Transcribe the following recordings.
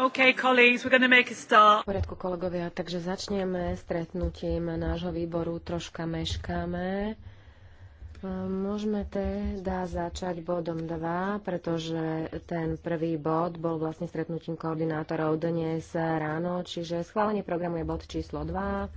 Okay, colleagues, we're make a start. V poriadku, kolegovia, takže začneme stretnutím nášho výboru, troška meškáme. Môžeme teda začať bodom 2, pretože ten prvý bod bol vlastne stretnutím koordinátorov dnes ráno, čiže schválenie programu je bod číslo 2.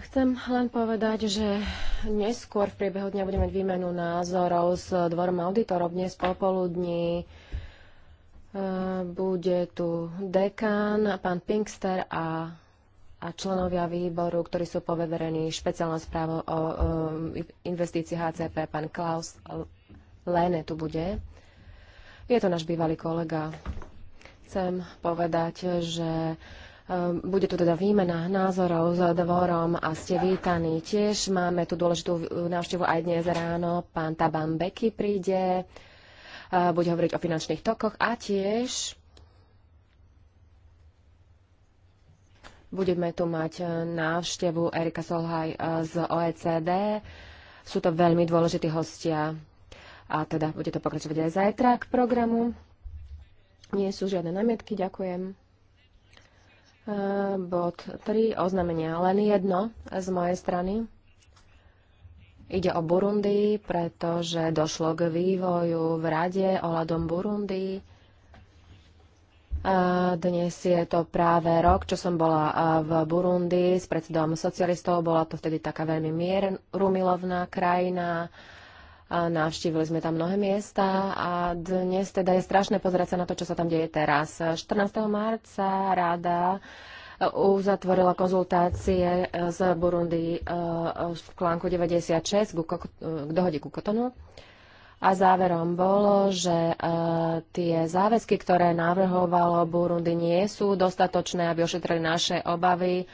Chcem len povedať, že neskôr v priebehu dňa budeme mať výmenu názorov s dvorom auditorov dnes popoludní. E, bude tu dekán, pán Pinkster a, a členovia výboru, ktorí sú poveverení špeciálnou správou o, e, investícii HCP, pán Klaus Lene tu bude. Je to náš bývalý kolega. Chcem povedať, že Ehm, bude tu teda výmena názorov s dvorom a ste vítaní tiež. Máme tu dôležitú návštevu aj dnes ráno. Pán Taban Beky príde, ehm, bude hovoriť o finančných tokoch a tiež budeme tu mať ehm, návštevu Erika Solhaj z OECD. Sú to veľmi dôležití hostia a teda bude to pokračovať aj zajtra k programu. Nie sú žiadne námietky, ďakujem. Bod 3. Oznamenia. Len jedno z mojej strany. Ide o Burundi, pretože došlo k vývoju v rade ohľadom Burundi. Dnes je to práve rok, čo som bola v Burundi s predsedom socialistov. Bola to vtedy taká veľmi mierumilovná krajina Navštívili sme tam mnohé miesta a dnes teda je strašné pozerať sa na to, čo sa tam deje teraz. 14. marca ráda e, uzatvorila konzultácie z e, Burundi e, v klánku 96 k dohode ku Kotonu. A záverom bolo, že tie záväzky, ktoré navrhovalo Burundi, nie sú dostatočné, aby ošetrili naše obavy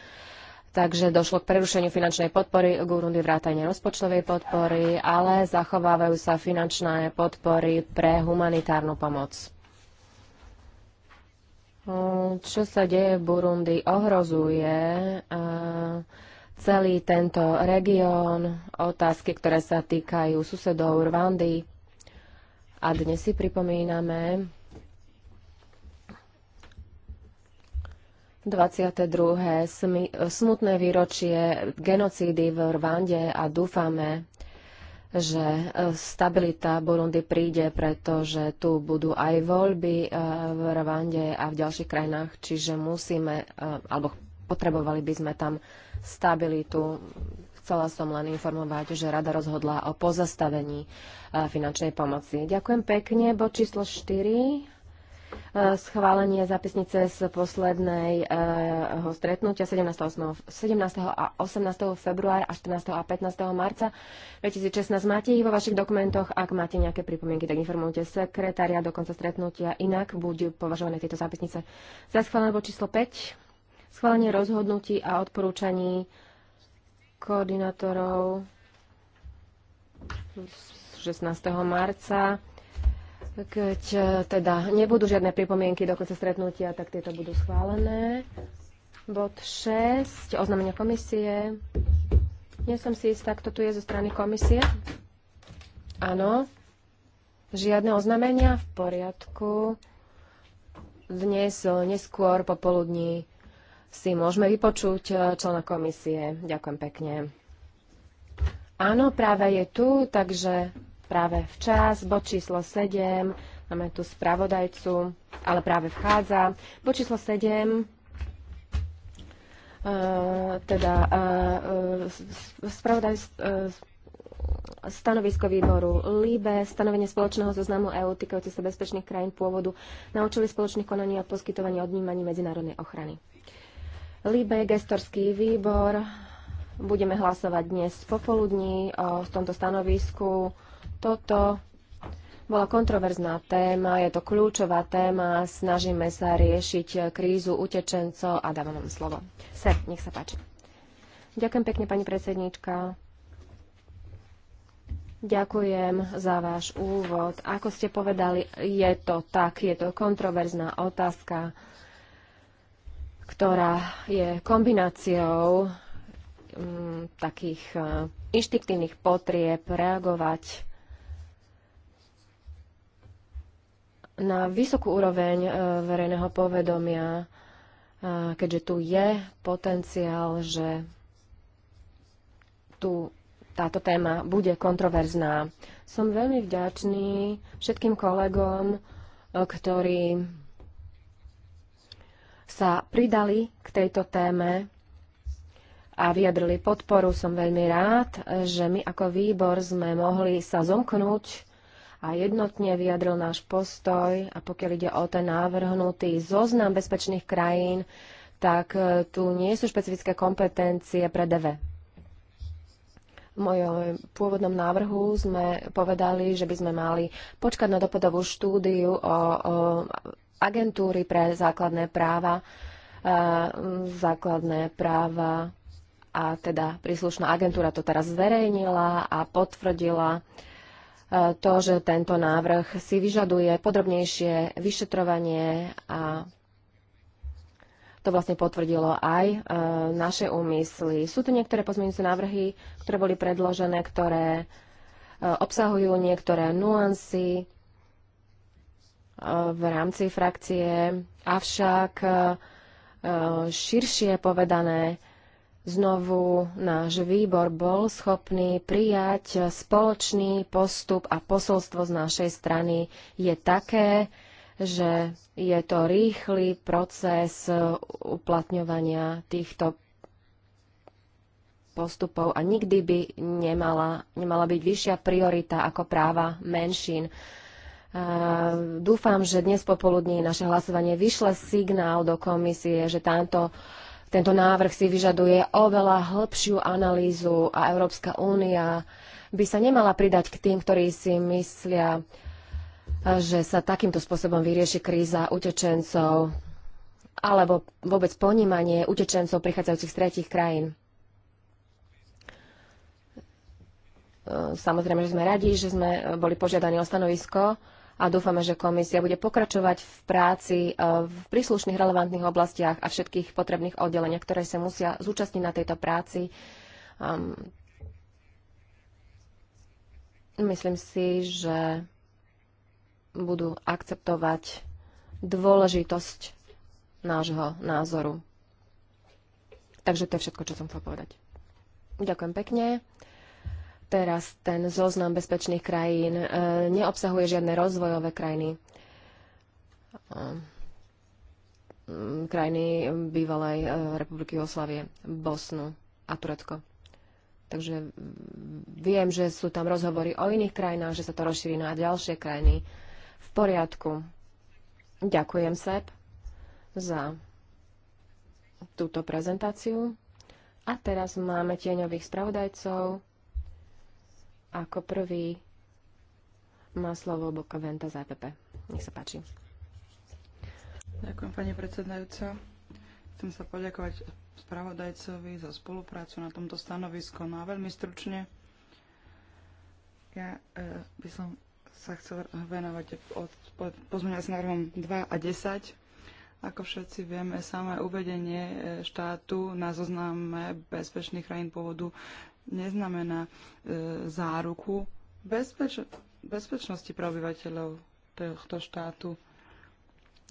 Takže došlo k prerušeniu finančnej podpory Gurundi vrátane rozpočtovej podpory, ale zachovávajú sa finančné podpory pre humanitárnu pomoc. Čo sa deje v Burundi ohrozuje celý tento región, otázky, ktoré sa týkajú susedov Rwandy. A dnes si pripomíname 22. smutné výročie genocídy v Rwande a dúfame, že e, stabilita Burundi príde, pretože tu budú aj voľby e, v Rwande a v ďalších krajinách, čiže musíme, e, alebo potrebovali by sme tam stabilitu. Chcela som len informovať, že rada rozhodla o pozastavení finančnej pomoci. Ďakujem pekne. Bod číslo 4. Eh, schválenie zapisnice z posledného eh, stretnutia 17. 17. a 18. februára a 14. a 15. marca 2016. Máte ich vo vašich dokumentoch. Ak máte nejaké pripomienky, tak informujte sekretária do konca stretnutia. Inak budú považované tieto zápisnice za schválené bod číslo 5. Schválenie rozhodnutí a odporúčaní koordinátorov 16. marca keď e, teda nebudú žiadne pripomienky do konca stretnutia, tak tieto budú schválené. Bod 6, oznámenie komisie. Nie som si istá, kto tu je zo strany komisie. Áno. Žiadne oznámenia? V poriadku. Dnes e, neskôr popoludní si môžeme vypočuť e, člena komisie. Ďakujem pekne. Áno, práve je tu, takže práve včas. Bod číslo 7, máme tu spravodajcu, ale práve vchádza. Bod číslo 7, e, teda e, e, spravodajstvo stanovisko výboru LIBE, stanovenie spoločného zoznamu EÚ týkajúce sa bezpečných krajín pôvodu na účely spoločných konaní a poskytovanie odnímaní medzinárodnej ochrany. LIBE, gestorský výbor, budeme hlasovať dnes popoludní o tomto stanovisku. Toto bola kontroverzná téma, je to kľúčová téma, snažíme sa riešiť krízu utečencov a dávam vám slovo. Se, nech sa páči. Ďakujem pekne, pani predsedníčka. Ďakujem za váš úvod. Ako ste povedali, je to tak, je to kontroverzná otázka, ktorá je kombináciou mm, takých eh, inštiktívnych potrieb reagovať na vysokú úroveň eh, verejného povedomia, eh, keďže tu je potenciál, že tu táto téma bude kontroverzná. Som veľmi vďačný všetkým kolegom, eh, ktorí sa pridali k tejto téme a vyjadrili podporu. Som veľmi rád, že my ako výbor sme mohli sa zomknúť a jednotne vyjadril náš postoj. A pokiaľ ide o ten návrhnutý zoznam bezpečných krajín, tak e, tu nie sú špecifické kompetencie pre DV. V mojom pôvodnom návrhu sme povedali, že by sme mali počkať na dopadovú štúdiu o, o agentúry pre základné práva, e, základné práva a teda príslušná agentúra to teraz zverejnila a potvrdila to, že tento návrh si vyžaduje podrobnejšie vyšetrovanie a to vlastne potvrdilo aj e, naše úmysly. Sú tu niektoré pozmeňujúce návrhy, ktoré boli predložené, ktoré e, obsahujú niektoré nuancy e, v rámci frakcie, avšak e, e, širšie povedané znovu náš výbor bol schopný prijať spoločný postup a posolstvo z našej strany je také, že je to rýchly proces uplatňovania týchto postupov a nikdy by nemala, nemala byť vyššia priorita ako práva menšín. Dúfam, že dnes popoludní naše hlasovanie vyšle signál do komisie, že táto tento návrh si vyžaduje oveľa hĺbšiu analýzu a Európska únia by sa nemala pridať k tým, ktorí si myslia, že sa takýmto spôsobom vyrieši kríza utečencov alebo vôbec ponímanie utečencov prichádzajúcich z tretich krajín. Samozrejme, že sme radi, že sme boli požiadaní o stanovisko a dúfame, že komisia bude pokračovať v práci e, v príslušných relevantných oblastiach a všetkých potrebných oddeleniach, ktoré sa musia zúčastniť na tejto práci. myslím si, že budú akceptovať dôležitosť nášho názoru. Takže to je všetko, čo som chcel povedať. Ďakujem pekne. Teraz ten zoznam bezpečných krajín e, neobsahuje žiadne rozvojové krajiny. Ehm, krajiny bývalej e, republiky Jugoslavie, Bosnu a Turecko. Takže viem, že sú tam rozhovory o iných krajinách, že sa to rozšíri na ďalšie krajiny. V poriadku. Ďakujem, Seb, za túto prezentáciu. A teraz máme tieňových spravodajcov. Ako prvý má slovo Boka Venta z EPP. Nech sa páči. Ďakujem, pani predsedajúca. Chcem sa poďakovať spravodajcovi za spoluprácu na tomto stanovisku. No a veľmi stručne, ja e, by som sa chcel venovať od, od s návrhom 2 a 10. Ako všetci vieme, samé uvedenie e, štátu na zozname bezpečných krajín pôvodu neznamená e, záruku bezpeč- bezpečnosti pre obyvateľov tohto štátu.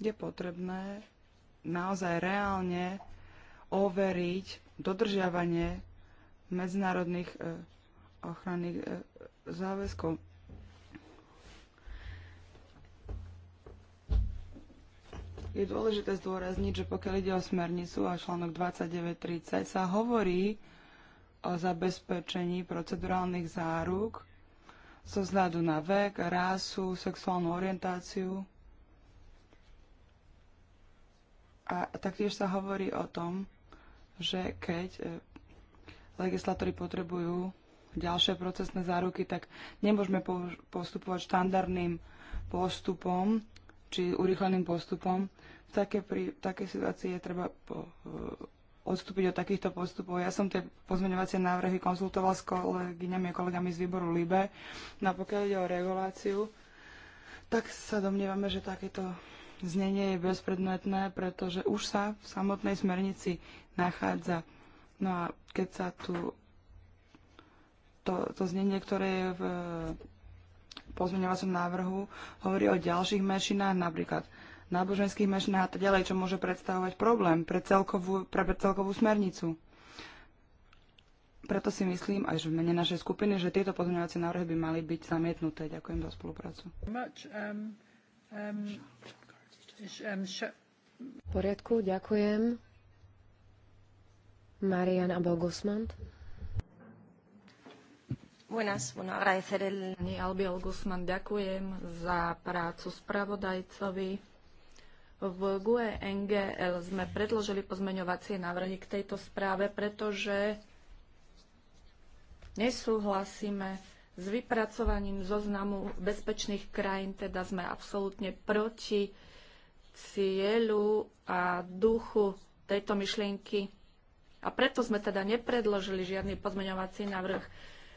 Je potrebné naozaj reálne overiť dodržiavanie medzinárodných e, ochranných e, záväzkov. Je dôležité zdôrazniť, že pokiaľ ide o smernicu a článok 29.30 sa hovorí, o zabezpečení procedurálnych záruk so vzhľadu na vek, rásu, sexuálnu orientáciu. A taktiež sa hovorí o tom, že keď e, legislatóri potrebujú ďalšie procesné záruky, tak nemôžeme postupovať štandardným postupom či urýchleným postupom. V takej, pri, v takej situácii je treba po, e, odstúpiť od takýchto postupov. Ja som tie pozmeňovacie návrhy konzultoval s kolegyňami a kolegami z výboru LIBE. No a pokiaľ ide o reguláciu, tak sa domnievame, že takéto znenie je bezpredmetné, pretože už sa v samotnej smernici nachádza. No a keď sa tu to, to znenie, ktoré je v pozmeňovacom návrhu, hovorí o ďalších menšinách, napríklad náboženských menšín a tak ďalej, čo môže predstavovať problém pre celkovú, pre, celkovú smernicu. Preto si myslím aj v mene našej skupiny, že tieto pozmeňovacie návrhy by mali byť zamietnuté. Ďakujem za spoluprácu. Um, um, um, v poriadku, ďakujem. Marian Abel Guzmán. Buenas, bueno, agradecer el... Pani Albiel Guzman, ďakujem za prácu spravodajcovi. V GUE NGL sme predložili pozmeňovacie návrhy k tejto správe, pretože nesúhlasíme s vypracovaním zoznamu bezpečných krajín, teda sme absolútne proti cieľu a duchu tejto myšlienky. A preto sme teda nepredložili žiadny pozmeňovací návrh.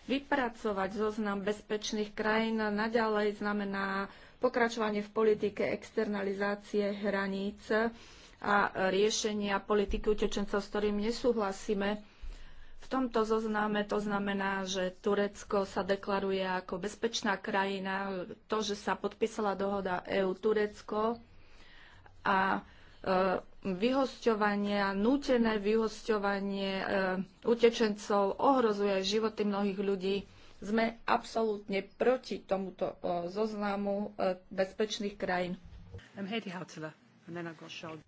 Vypracovať zoznam bezpečných krajín naďalej znamená pokračovanie v politike externalizácie hraníc a riešenia politiky utečencov, s ktorým nesúhlasíme. V tomto zozname to znamená, že Turecko sa deklaruje ako bezpečná krajina, to, že sa podpísala dohoda EU-Turecko a e, vyhosťovanie, nútené vyhosťovanie e, utečencov ohrozuje životy mnohých ľudí sme absolútne proti tomuto e, zoznamu e, bezpečných krajín.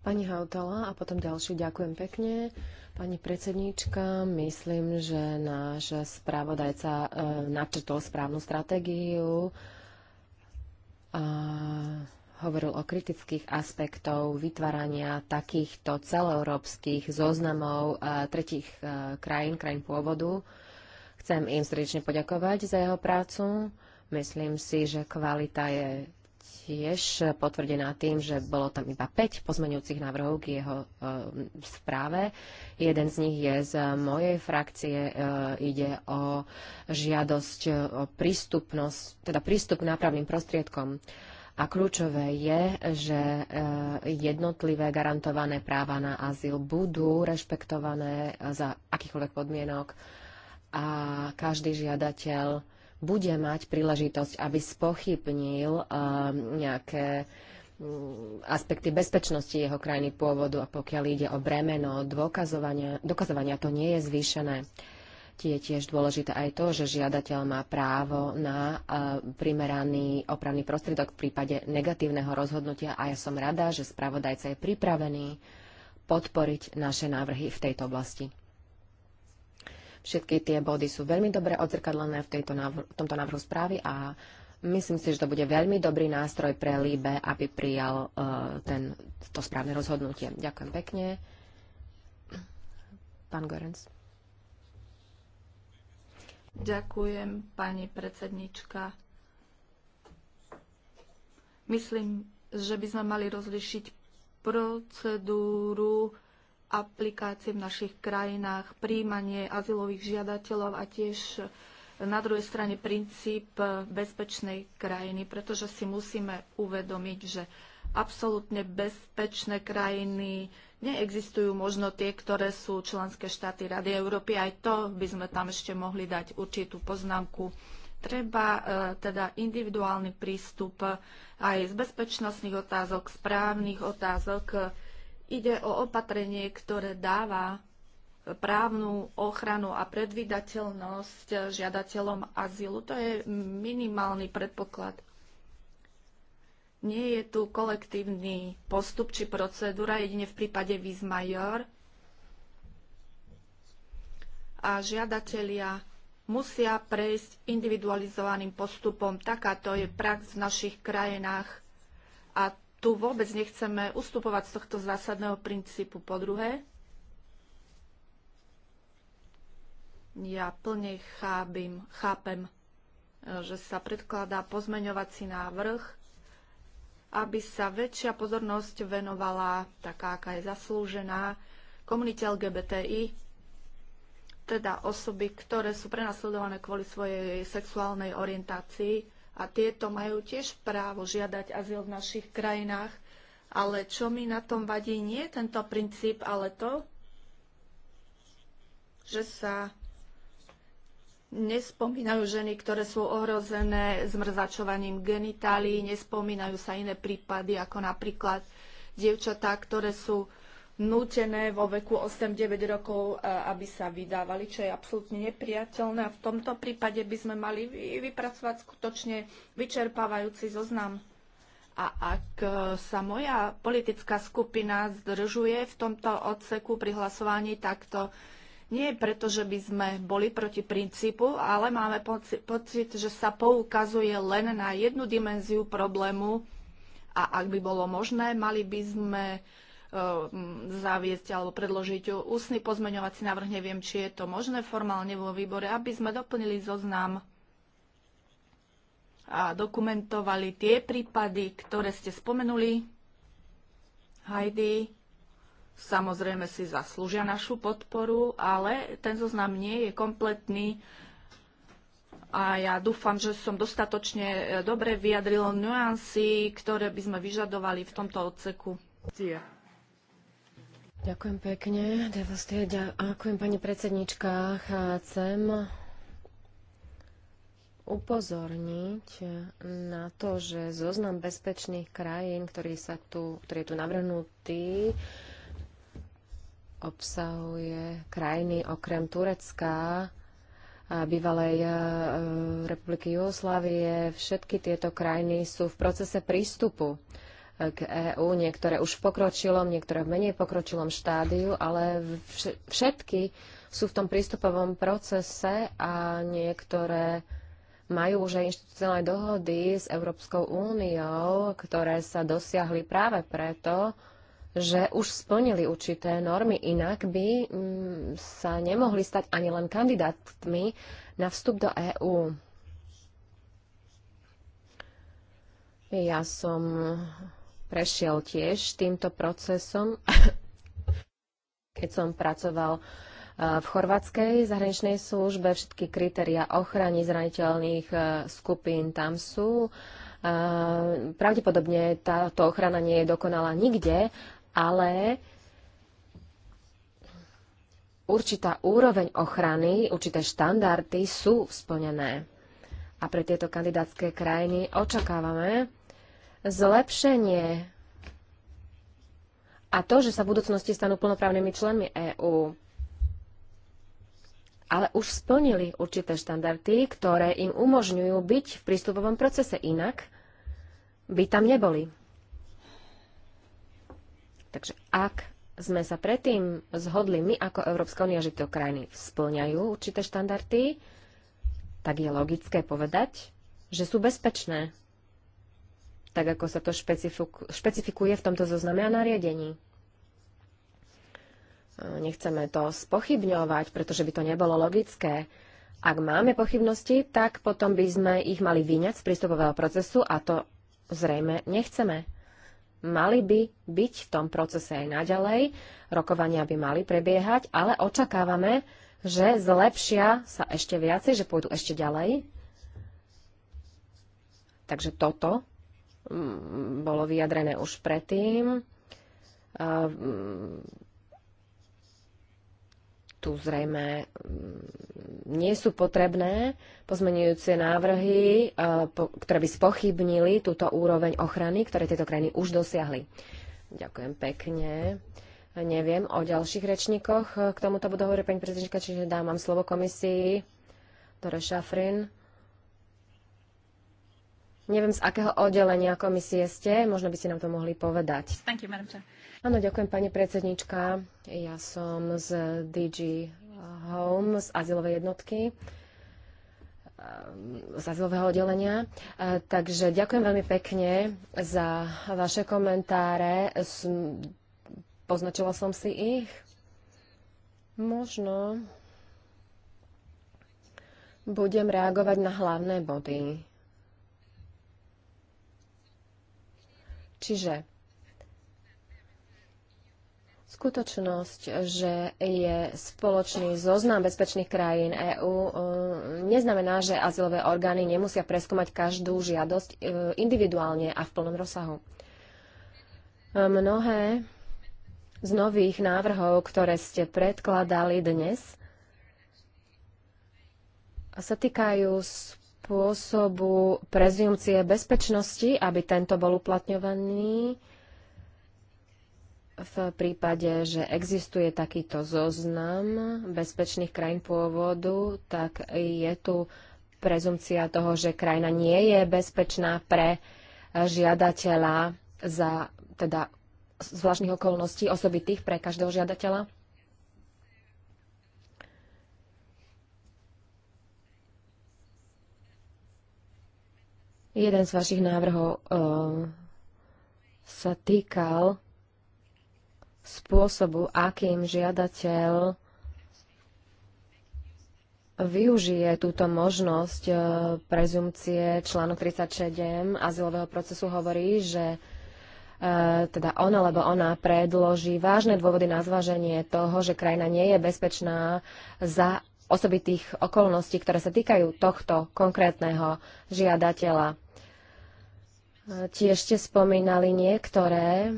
Pani Hautala a potom ďalšiu ďakujem pekne. Pani predsedníčka, myslím, že náš správodajca e, načrtol správnu stratégiu a hovoril o kritických aspektov vytvárania takýchto celoeurópskych zoznamov tretich krajín, krajín pôvodu Chcem im srdečne poďakovať za jeho prácu. Myslím si, že kvalita je tiež potvrdená tým, že bolo tam iba 5 pozmeňujúcich návrhov k jeho e, správe. Jeden z nich je z mojej frakcie. E, ide o žiadosť o prístupnosť, teda prístup k nápravným prostriedkom. A kľúčové je, že e, jednotlivé garantované práva na azyl budú rešpektované za akýchkoľvek podmienok a každý žiadateľ bude mať príležitosť, aby spochybnil eh, nejaké mm, aspekty bezpečnosti jeho krajiny pôvodu a pokiaľ ide o bremeno dokazovania, dokazovania to nie je zvýšené. Je tiež dôležité aj to, že žiadateľ má právo na eh, primeraný opravný prostriedok v prípade negatívneho rozhodnutia a ja som rada, že spravodajca je pripravený podporiť naše návrhy v tejto oblasti. Všetky tie body sú veľmi dobre odzrkadlené v, tejto návr- v tomto návrhu správy a myslím si, že to bude veľmi dobrý nástroj pre Líbe, aby prijal uh, ten, to správne rozhodnutie. Ďakujem pekne. Pán Gorenc. Ďakujem, pani predsednička. Myslím, že by sme mali rozlišiť procedúru aplikácie v našich krajinách, príjmanie azylových žiadateľov a tiež eh, na druhej strane princíp eh, bezpečnej krajiny, pretože si musíme uvedomiť, že absolútne bezpečné krajiny neexistujú možno tie, ktoré sú členské štáty Rady Európy. Aj to by sme tam ešte mohli dať určitú poznámku. Treba e, teda individuálny prístup aj z bezpečnostných otázok, správnych otázok Ide o opatrenie, ktoré dáva právnu ochranu a predvydateľnosť žiadateľom azylu. To je minimálny predpoklad. Nie je tu kolektívny postup či procedúra, jedine v prípade vis major. A žiadatelia musia prejsť individualizovaným postupom. Takáto je prax v našich krajinách a tu vôbec nechceme ustupovať z tohto zásadného princípu. Po druhé, ja plne chábim, chápem, že sa predkladá pozmeňovací návrh, aby sa väčšia pozornosť venovala, taká, aká je zaslúžená, komunite LGBTI, teda osoby, ktoré sú prenasledované kvôli svojej sexuálnej orientácii a tieto majú tiež právo žiadať azyl v našich krajinách. Ale čo mi na tom vadí, nie je tento princíp, ale to, že sa nespomínajú ženy, ktoré sú ohrozené zmrzačovaním genitálií, nespomínajú sa iné prípady, ako napríklad dievčatá, ktoré sú nútené vo veku 8-9 rokov, e, aby sa vydávali, čo je absolútne nepriateľné. A v tomto prípade by sme mali vypracovať skutočne vyčerpávajúci zoznam. A ak e, sa moja politická skupina zdržuje v tomto odseku pri hlasovaní, tak to nie je preto, že by sme boli proti princípu, ale máme pocit, že sa poukazuje len na jednu dimenziu problému a ak by bolo možné, mali by sme Eh, zaviesť alebo predložiť ústny pozmeňovací návrh. Neviem, či je to možné formálne vo výbore, aby sme doplnili zoznam a dokumentovali tie prípady, ktoré ste spomenuli. Heidi, samozrejme si zaslúžia našu podporu, ale ten zoznam nie je kompletný a ja dúfam, že som dostatočne eh, dobre vyjadril nuancy, ktoré by sme vyžadovali v tomto odseku. Yeah. Ďakujem pekne. Ďakujem pani predsednička. Chcem upozorniť na to, že zoznam bezpečných krajín, ktorý, sa tu, ktorý je tu navrhnutý, obsahuje krajiny okrem Turecka, a bývalej e, republiky Jugoslávie. Všetky tieto krajiny sú v procese prístupu k EÚ. Niektoré už v pokročilom, niektoré v menej pokročilom štádiu, ale všetky sú v tom prístupovom procese a niektoré majú už aj inštitucionálne dohody s Európskou úniou, ktoré sa dosiahli práve preto, že už splnili určité normy, inak by mm, sa nemohli stať ani len kandidátmi na vstup do EÚ. Ja som prešiel tiež týmto procesom, keď som pracoval eh, v chorvátskej zahraničnej službe. Všetky kritéria ochrany zraniteľných eh, skupín tam sú. Eh, pravdepodobne táto ochrana nie je dokonalá nikde, ale určitá úroveň ochrany, určité štandardy sú splnené. A pre tieto kandidátske krajiny očakávame, zlepšenie a to, že sa v budúcnosti stanú plnoprávnymi členmi EÚ. Ale už splnili určité štandardy, ktoré im umožňujú byť v prístupovom procese inak, by tam neboli. Takže ak sme sa predtým zhodli my ako Európska únia, že to krajiny splňajú určité štandardy, tak je logické povedať, že sú bezpečné tak ako sa to špecifikuje v tomto zozname a nariadení. Nechceme to spochybňovať, pretože by to nebolo logické. Ak máme pochybnosti, tak potom by sme ich mali vyňať z prístupového procesu a to zrejme nechceme. Mali by byť v tom procese aj naďalej, rokovania by mali prebiehať, ale očakávame, že zlepšia sa ešte viacej, že pôjdu ešte ďalej. Takže toto Mm, bolo vyjadrené už predtým. Mm, tu zrejme mm, nie sú potrebné pozmenujúce návrhy, ktoré by spochybnili túto úroveň ochrany, ktoré tieto krajiny už dosiahli. Ďakujem pekne. Neviem o ďalších rečníkoch. K tomuto budú hovoriť pani prezidentka, čiže dám vám slovo komisii. Dore Šafrin. Neviem, z akého oddelenia komisie ste, možno by ste nám to mohli povedať. Thank you, Madam Chair. Áno, ďakujem, pani predsednička. Ja som z DG Home, z azylovej jednotky ehm, z azylového oddelenia. E, takže ďakujem veľmi pekne za vaše komentáre. Poznačila som si ich. Možno budem reagovať na hlavné body Čiže skutočnosť, že je spoločný zoznam bezpečných krajín EÚ, e, neznamená, že azylové orgány nemusia preskúmať každú žiadosť e, individuálne a v plnom rozsahu. Mnohé z nových návrhov, ktoré ste predkladali dnes, sa týkajú spôsobu prezumcie bezpečnosti, aby tento bol uplatňovaný v prípade, že existuje takýto zoznam bezpečných krajín pôvodu, tak je tu prezumcia toho, že krajina nie je bezpečná pre žiadateľa za teda zvláštnych okolností osobitých pre každého žiadateľa. Jeden z vašich návrhov eh, sa týkal spôsobu, akým žiadateľ využije túto možnosť eh, prezumcie článok 37 azylového procesu hovorí, že eh, teda on alebo ona predloží vážne dôvody na zváženie toho, že krajina nie je bezpečná za osobitých okolností, ktoré sa týkajú tohto konkrétneho žiadateľa. Tiež ste spomínali niektoré.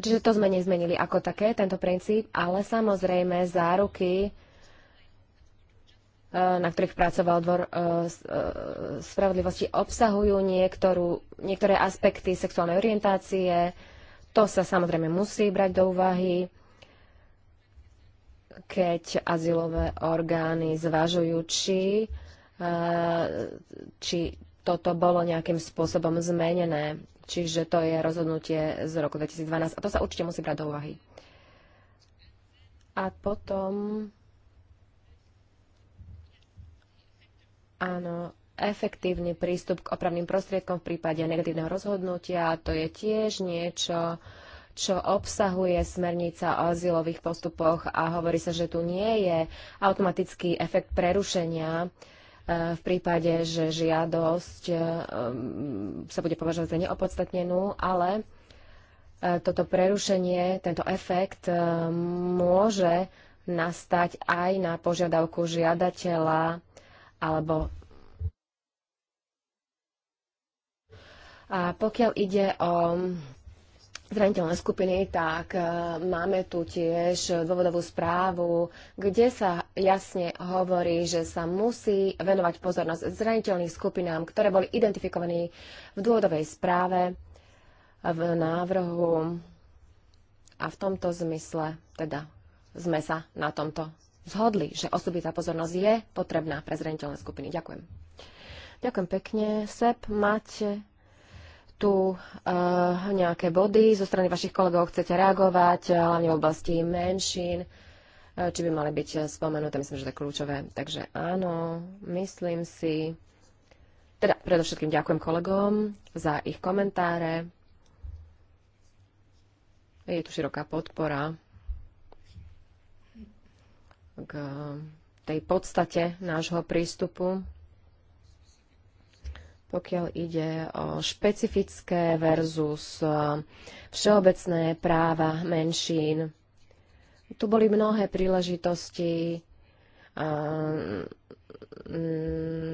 Čiže to sme nezmenili ako také, tento princíp, ale samozrejme záruky, e, na ktorých pracoval dvor e, e, spravodlivosti, obsahujú niektorú, niektoré aspekty sexuálnej orientácie. To sa samozrejme musí brať do úvahy keď azylové orgány zvažujú, či, e, či toto bolo nejakým spôsobom zmenené. Čiže to je rozhodnutie z roku 2012 a to sa určite musí brať do úvahy. A potom... Áno, efektívny prístup k opravným prostriedkom v prípade negatívneho rozhodnutia, to je tiež niečo, čo obsahuje smernica o azylových postupoch a hovorí sa, že tu nie je automatický efekt prerušenia e, v prípade, že žiadosť e, mm, sa bude považovať za neopodstatnenú, ale e, toto prerušenie, tento efekt môže nastať aj na požiadavku žiadateľa alebo a pokiaľ ide o zraniteľné skupiny, tak e, máme tu tiež dôvodovú správu, kde sa jasne hovorí, že sa musí venovať pozornosť zraniteľným skupinám, ktoré boli identifikované v dôvodovej správe, v návrhu a v tomto zmysle teda sme sa na tomto zhodli, že osobitá pozornosť je potrebná pre zraniteľné skupiny. Ďakujem. Ďakujem pekne. Sep, máte tu eh, nejaké body zo strany vašich kolegov, chcete reagovať, eh, hlavne v oblasti menšín, eh, či by mali byť spomenuté, myslím, že to je kľúčové. Takže áno, myslím si, teda predovšetkým ďakujem kolegom za ich komentáre. Je tu široká podpora k tej podstate nášho prístupu pokiaľ ide o špecifické versus e, všeobecné práva menšín. Tu boli mnohé príležitosti e,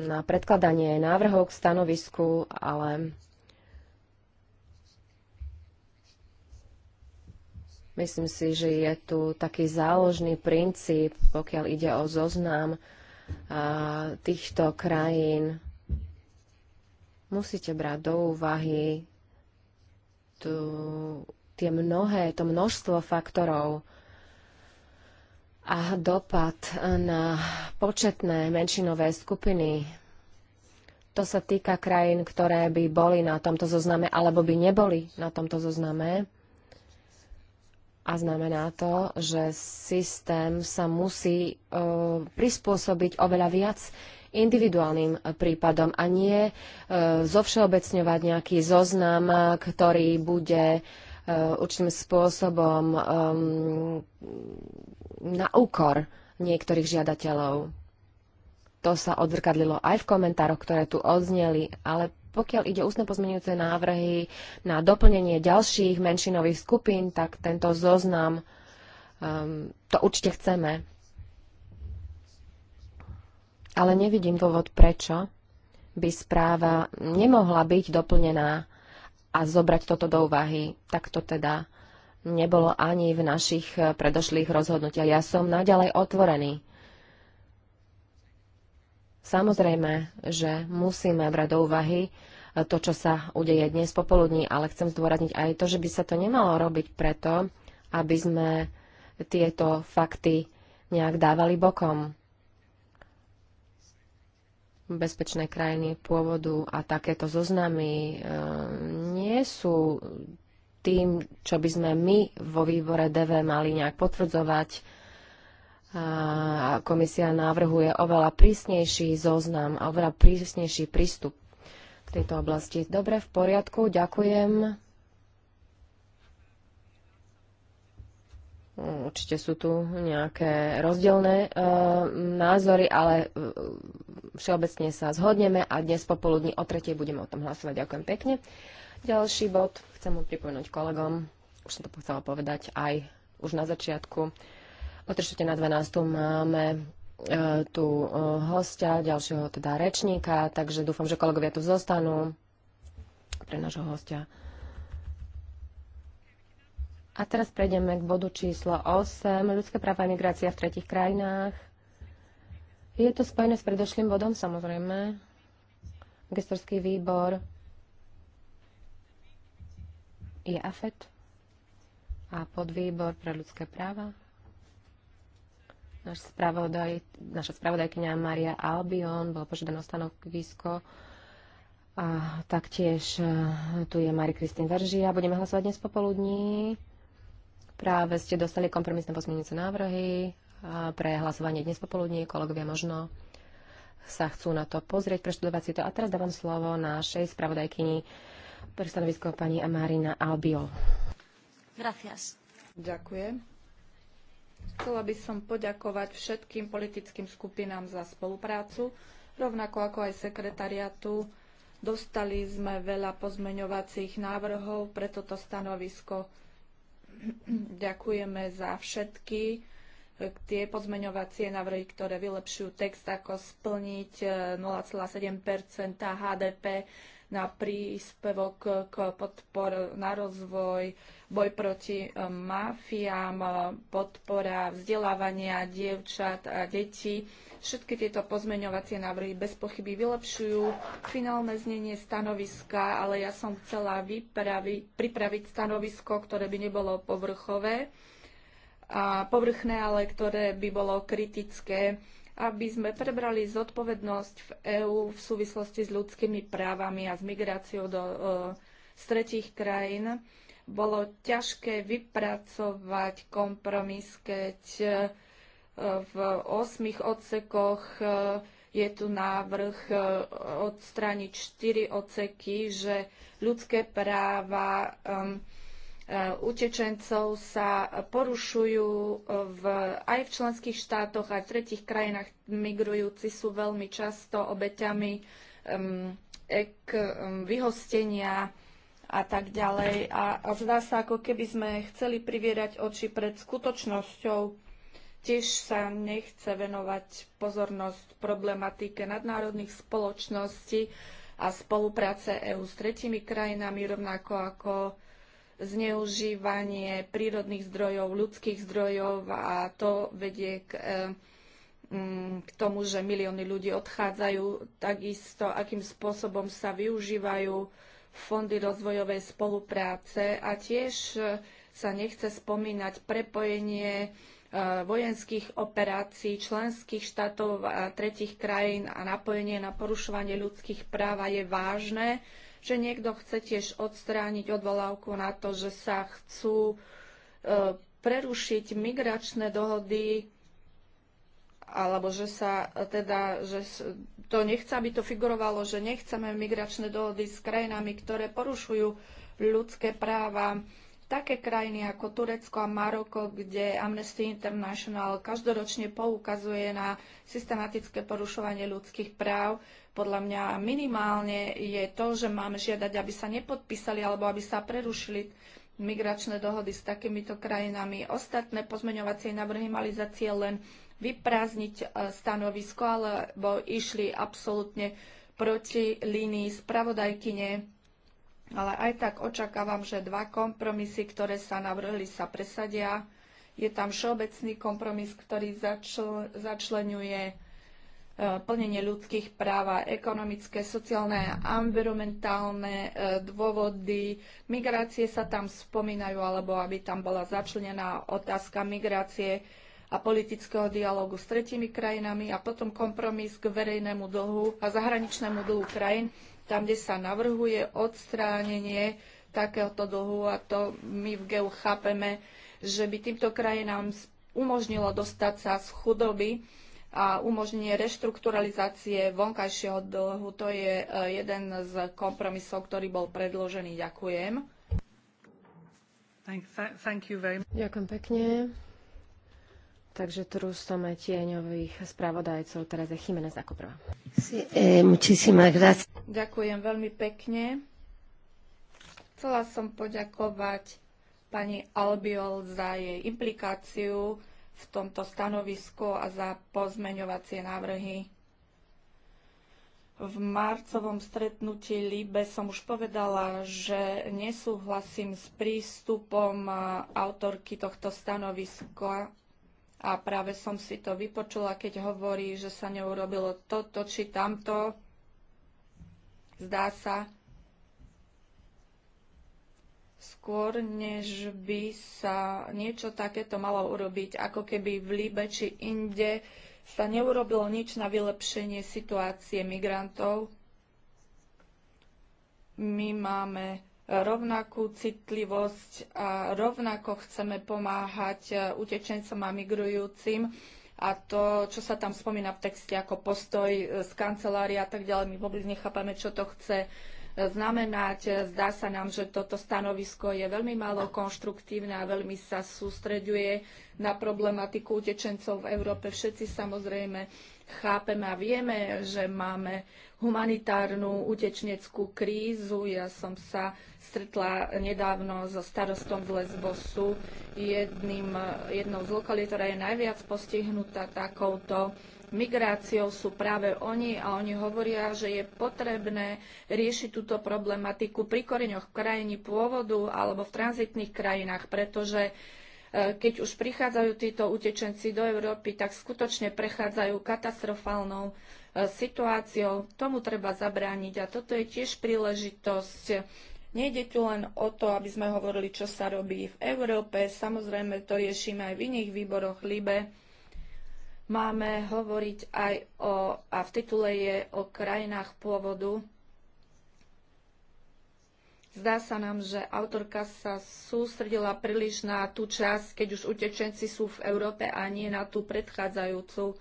na predkladanie návrhov k stanovisku, ale myslím si, že je tu taký záložný princíp, pokiaľ ide o zoznam e, týchto krajín, musíte brať do úvahy tu, tie mnohé, to množstvo faktorov a dopad na početné menšinové skupiny. To sa týka krajín, ktoré by boli na tomto zozname alebo by neboli na tomto zozname. A znamená to, že systém sa musí uh, prispôsobiť oveľa viac individuálnym eh, prípadom a nie eh, zovšeobecňovať nejaký zoznam, eh, ktorý bude určitým spôsobom ehm, na úkor niektorých žiadateľov. To sa odzrkadlilo aj v komentároch, ktoré tu odzneli, ale pokiaľ ide ústne pozmenujúce návrhy na doplnenie ďalších menšinových skupín, tak tento zoznam, um, to určite chceme ale nevidím dôvod, prečo by správa nemohla byť doplnená a zobrať toto do úvahy. Tak to teda nebolo ani v našich predošlých rozhodnutiach. Ja som naďalej otvorený. Samozrejme, že musíme brať do úvahy to, čo sa udeje dnes popoludní, ale chcem zdôrazniť aj to, že by sa to nemalo robiť preto, aby sme tieto fakty nejak dávali bokom bezpečné krajiny pôvodu a takéto zoznamy e, nie sú tým, čo by sme my vo výbore DV mali nejak potvrdzovať. E, a komisia navrhuje oveľa prísnejší zoznam a oveľa prísnejší prístup k tejto oblasti. Dobre, v poriadku, ďakujem. Určite sú tu nejaké rozdielne e, názory, ale e, všeobecne sa zhodneme a dnes popoludní o tretie budeme o tom hlasovať. Ďakujem pekne. Ďalší bod, chcem mu pripomenúť kolegom, už som to chcela povedať aj už na začiatku. O 3 na 12 máme e, tu e, hostia, ďalšieho teda rečníka, takže dúfam, že kolegovia tu zostanú pre nášho hostia. A teraz prejdeme k bodu číslo 8. Ľudské práva a migrácia v tretich krajinách. Je to spojené s predošlým bodom, samozrejme. Gestorský výbor je AFET a podvýbor pre ľudské práva. Náš spravodaj, naša spravodajkynia Maria Albion bola požiadaná stanovisko a taktiež eh, tu je Mari Kristín Veržia. Budeme hlasovať dnes popoludní. Práve ste dostali kompromisné pozmienujúce návrhy pre hlasovanie dnes popoludní. Kolegovia možno sa chcú na to pozrieť, preštudovať si to. A teraz dávam slovo našej spravodajkyni pre stanovisko pani Marina Albio. Gracias. Ďakujem. Chcela by som poďakovať všetkým politickým skupinám za spoluprácu, rovnako ako aj sekretariatu. Dostali sme veľa pozmeňovacích návrhov pre toto stanovisko Ďakujeme za všetky e, tie pozmeňovacie návrhy, ktoré vylepšujú text, ako splniť e, 0,7 HDP na príspevok k podpor na rozvoj, boj proti e, mafiám, e, podpora vzdelávania dievčat a detí. Všetky tieto pozmeňovacie návrhy bez pochyby vylepšujú finálne znenie stanoviska, ale ja som chcela vypravi, pripraviť stanovisko, ktoré by nebolo povrchové a povrchné, ale ktoré by bolo kritické aby sme prebrali zodpovednosť v EÚ v súvislosti s ľudskými právami a s migráciou do, e, z tretích krajín. Bolo ťažké vypracovať kompromis, keď e, v osmých odsekoch e, je tu návrh odstrániť štyri odseky, že ľudské práva Eh, utečencov sa porušujú eh, v, aj v členských štátoch, aj v tretich krajinách. Migrujúci sú veľmi často obeťami um, ek, um, vyhostenia a tak ďalej. A, a zdá sa, ako keby sme chceli privierať oči pred skutočnosťou. Tiež sa nechce venovať pozornosť problematike nadnárodných spoločností a spolupráce EÚ s tretimi krajinami, rovnako ako zneužívanie prírodných zdrojov, ľudských zdrojov a to vedie k, e, mm, k tomu, že milióny ľudí odchádzajú. Takisto, akým spôsobom sa využívajú fondy rozvojovej spolupráce a tiež e, sa nechce spomínať prepojenie e, vojenských operácií členských štátov a tretich krajín a napojenie na porušovanie ľudských práv je vážne že niekto chce tiež odstrániť odvolávku na to, že sa chcú e, prerušiť migračné dohody alebo že sa e, teda, že to nechce, aby to figurovalo, že nechceme migračné dohody s krajinami, ktoré porušujú ľudské práva. Také krajiny ako Turecko a Maroko, kde Amnesty International každoročne poukazuje na systematické porušovanie ľudských práv, podľa mňa minimálne je to, že máme žiadať, aby sa nepodpísali alebo aby sa prerušili migračné dohody s takýmito krajinami. Ostatné pozmeňovacie návrhy mali za cieľ len vyprázdniť e, stanovisko, alebo išli absolútne proti línii spravodajkyne ale aj tak očakávam, že dva kompromisy, ktoré sa navrhli, sa presadia. Je tam všeobecný kompromis, ktorý začl, začlenuje e, plnenie ľudských práv a ekonomické, sociálne a environmentálne e, dôvody. Migrácie sa tam spomínajú, alebo aby tam bola začlenená otázka migrácie a politického dialogu s tretimi krajinami a potom kompromis k verejnému dlhu a zahraničnému dlhu krajín tam, kde sa navrhuje odstránenie takéhoto dlhu a to my v GEU chápeme, že by týmto krajinám umožnilo dostať sa z chudoby a umožnenie reštrukturalizácie vonkajšieho dlhu. To je e, jeden z kompromisov, ktorý bol predložený. Ďakujem. Thank, Ďakujem pekne. Takže tu som tieňových spravodajcov. Teraz je Chimenez ako prvá. Eh, Ďakujem veľmi pekne. Chcela som poďakovať pani Albiol za jej implikáciu v tomto stanovisku a za pozmeňovacie návrhy. V marcovom stretnutí Líbe som už povedala, že nesúhlasím s prístupom autorky tohto stanoviska a práve som si to vypočula, keď hovorí, že sa neurobilo toto či tamto. Zdá sa, skôr než by sa niečo takéto malo urobiť, ako keby v Líbe či inde sa neurobilo nič na vylepšenie situácie migrantov. My máme rovnakú citlivosť a rovnako chceme pomáhať e, utečencom a migrujúcim a to, čo sa tam spomína v texte ako postoj e, z kancelária a tak ďalej, my vôbec nechápame, čo to chce e, znamenať. Zdá sa nám, že toto stanovisko je veľmi málo konštruktívne a veľmi sa sústreďuje na problematiku utečencov v Európe. Všetci samozrejme chápeme a vieme, že máme humanitárnu utečneckú krízu. Ja som sa stretla nedávno so starostom z Lesbosu, jedným, jednou z lokalí, ktorá je najviac postihnutá takouto migráciou sú práve oni a oni hovoria, že je potrebné riešiť túto problematiku pri koreňoch v krajini pôvodu alebo v tranzitných krajinách, pretože e, keď už prichádzajú títo utečenci do Európy, tak skutočne prechádzajú katastrofálnou situáciou. Tomu treba zabrániť a toto je tiež príležitosť. Nejde tu len o to, aby sme hovorili, čo sa robí v Európe. Samozrejme, to riešime aj v iných výboroch LIBE. Máme hovoriť aj o, a v titule je o krajinách pôvodu. Zdá sa nám, že autorka sa sústredila príliš na tú časť, keď už utečenci sú v Európe a nie na tú predchádzajúcu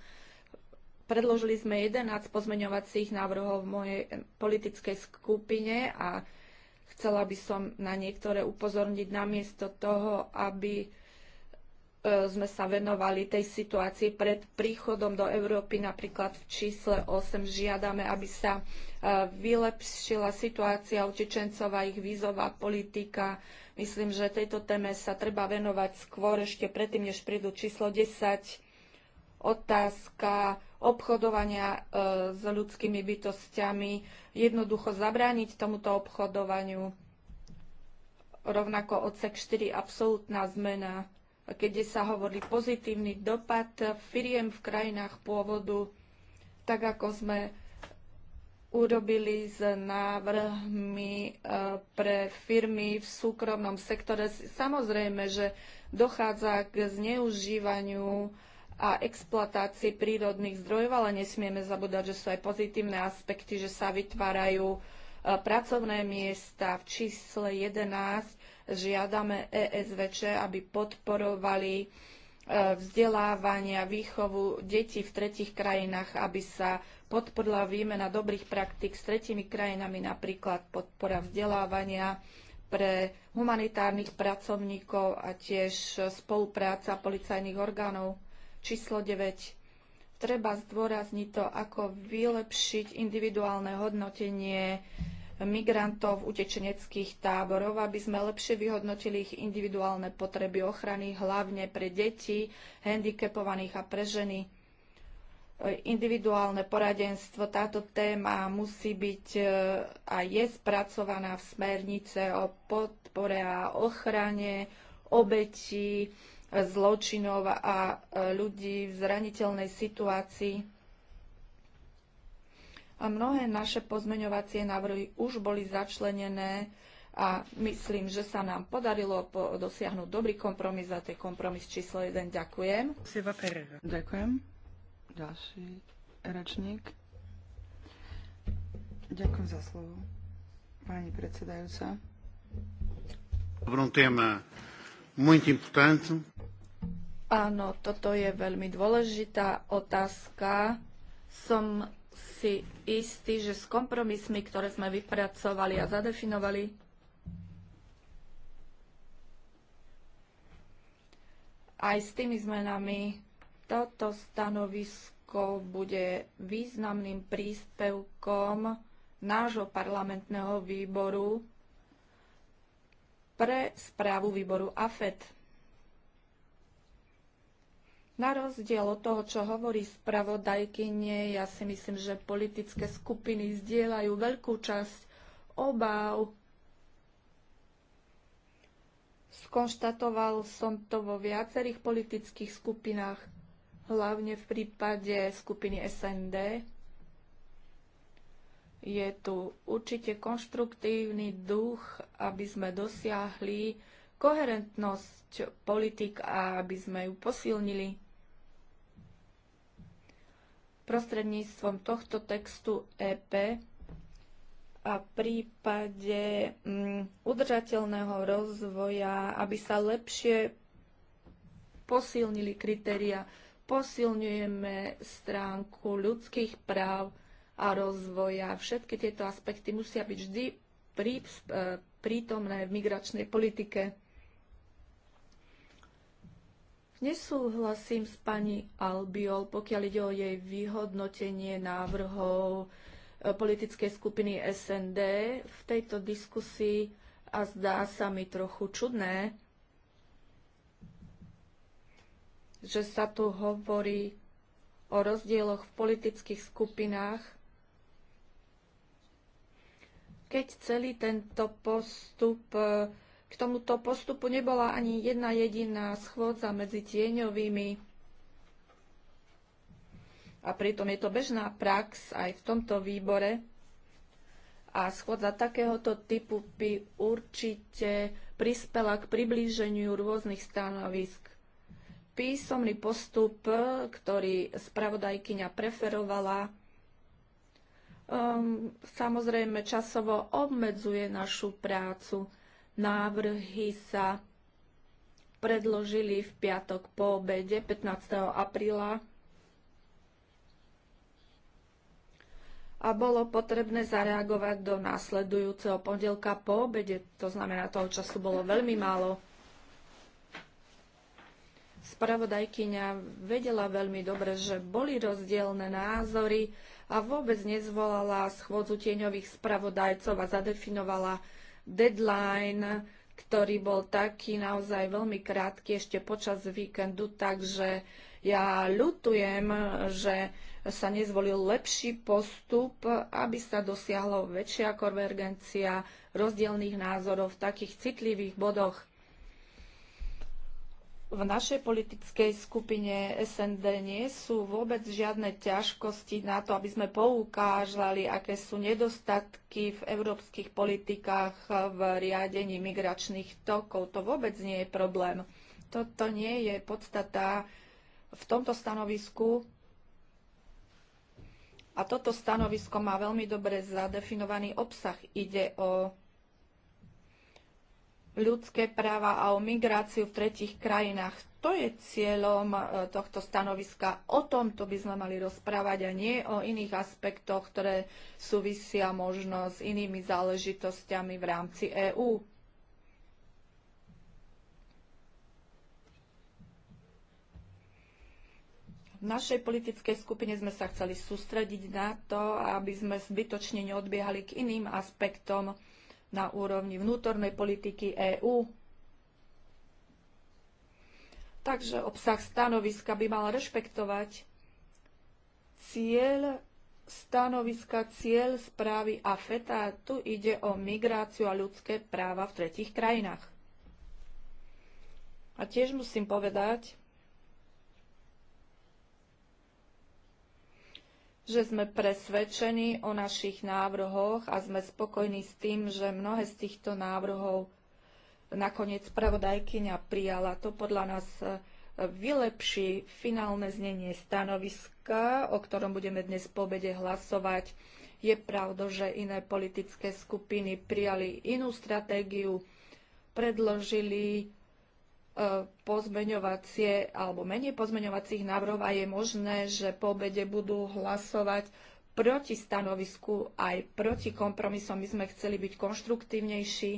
Predložili sme 11 pozmeňovacích návrhov v mojej politickej skupine a chcela by som na niektoré upozorniť namiesto toho, aby e, sme sa venovali tej situácii pred príchodom do Európy. Napríklad v čísle 8 žiadame, aby sa e, vylepšila situácia utečencov a ich vízová politika. Myslím, že tejto téme sa treba venovať skôr ešte predtým, než prídu číslo 10 otázka obchodovania e, s ľudskými bytostiami, jednoducho zabrániť tomuto obchodovaniu. Rovnako odsek 4, absolútna zmena, keď sa hovorí pozitívny dopad firiem v krajinách pôvodu, tak ako sme urobili s návrhmi e, pre firmy v súkromnom sektore. Samozrejme, že dochádza k zneužívaniu a exploatácii prírodných zdrojov, ale nesmieme zabúdať, že sú aj pozitívne aspekty, že sa vytvárajú e, pracovné miesta. V čísle 11 žiadame ESVČ, aby podporovali e, vzdelávanie a výchovu detí v tretich krajinách, aby sa podporila výmena dobrých praktík s tretimi krajinami, napríklad podpora vzdelávania pre humanitárnych pracovníkov a tiež spolupráca policajných orgánov číslo 9. Treba zdôrazniť to, ako vylepšiť individuálne hodnotenie migrantov v utečeneckých táborov, aby sme lepšie vyhodnotili ich individuálne potreby ochrany, hlavne pre deti, handicapovaných a pre ženy. Individuálne poradenstvo, táto téma musí byť e, a je spracovaná v smernice o podpore a ochrane obetí zločinov a e, ľudí v zraniteľnej situácii. A mnohé naše pozmeňovacie návrhy už boli začlenené a myslím, že sa nám podarilo dosiahnuť dobrý kompromis a to je kompromis číslo 1. Ďakujem. Ďakujem. Ďalší rečník. Ďakujem za slovo, pani predsedajúca. Sobre um muito importante. Áno, toto je veľmi dôležitá otázka. Som si istý, že s kompromismi, ktoré sme vypracovali a zadefinovali, aj s tými zmenami toto stanovisko bude významným príspevkom nášho parlamentného výboru pre správu výboru AFET. Na rozdiel od toho, čo hovorí spravodajkyne, ja si myslím, že politické skupiny zdieľajú veľkú časť obáv. Skonštatoval som to vo viacerých politických skupinách, hlavne v prípade skupiny SND. Je tu určite konštruktívny duch, aby sme dosiahli koherentnosť politik a aby sme ju posilnili prostredníctvom tohto textu EP a v prípade mm, udržateľného rozvoja, aby sa lepšie posilnili kritéria. Posilňujeme stránku ľudských práv a rozvoja. Všetky tieto aspekty musia byť vždy e, prítomné v migračnej politike. Nesúhlasím s pani Albiol, pokiaľ ide o jej vyhodnotenie návrhov e, politickej skupiny SND v tejto diskusii a zdá sa mi trochu čudné, že sa tu hovorí o rozdieloch v politických skupinách, keď celý tento postup e, k tomuto postupu nebola ani jedna jediná schôdza medzi tieňovými. A pritom je to bežná prax aj v tomto výbore. A schôdza takéhoto typu by určite prispela k priblíženiu rôznych stanovisk. Písomný postup, ktorý spravodajkyňa preferovala, um, samozrejme časovo obmedzuje našu prácu Návrhy sa predložili v piatok po obede 15. apríla a bolo potrebné zareagovať do následujúceho pondelka po obede. To znamená, toho času bolo veľmi málo. Spravodajkyňa vedela veľmi dobre, že boli rozdielne názory a vôbec nezvolala schôdzu tieňových spravodajcov a zadefinovala deadline, ktorý bol taký naozaj veľmi krátky ešte počas víkendu, takže ja ľutujem, že sa nezvolil lepší postup, aby sa dosiahlo väčšia konvergencia rozdielných názorov v takých citlivých bodoch v našej politickej skupine SND nie sú vôbec žiadne ťažkosti na to, aby sme poukážali, aké sú nedostatky v európskych politikách v riadení migračných tokov. To vôbec nie je problém. Toto nie je podstata v tomto stanovisku. A toto stanovisko má veľmi dobre zadefinovaný obsah. Ide o ľudské práva a o migráciu v tretich krajinách. To je cieľom e, tohto stanoviska. O tomto by sme mali rozprávať a nie o iných aspektoch, ktoré súvisia možno s inými záležitostiami v rámci EÚ. V našej politickej skupine sme sa chceli sústrediť na to, aby sme zbytočne neodbiehali k iným aspektom na úrovni vnútornej politiky EÚ. Takže obsah stanoviska by mal rešpektovať cieľ stanoviska, cieľ správy a feta. Tu ide o migráciu a ľudské práva v tretich krajinách. A tiež musím povedať, že sme presvedčení o našich návrhoch a sme spokojní s tým, že mnohé z týchto návrhov nakoniec spravodajkyňa prijala. To podľa nás e, vylepší finálne znenie stanoviska, o ktorom budeme dnes po obede hlasovať. Je pravda, že iné politické skupiny prijali inú stratégiu, predložili pozmeňovacie alebo menej pozmeňovacích návrhov a je možné, že po obede budú hlasovať proti stanovisku aj proti kompromisom. My sme chceli byť konštruktívnejší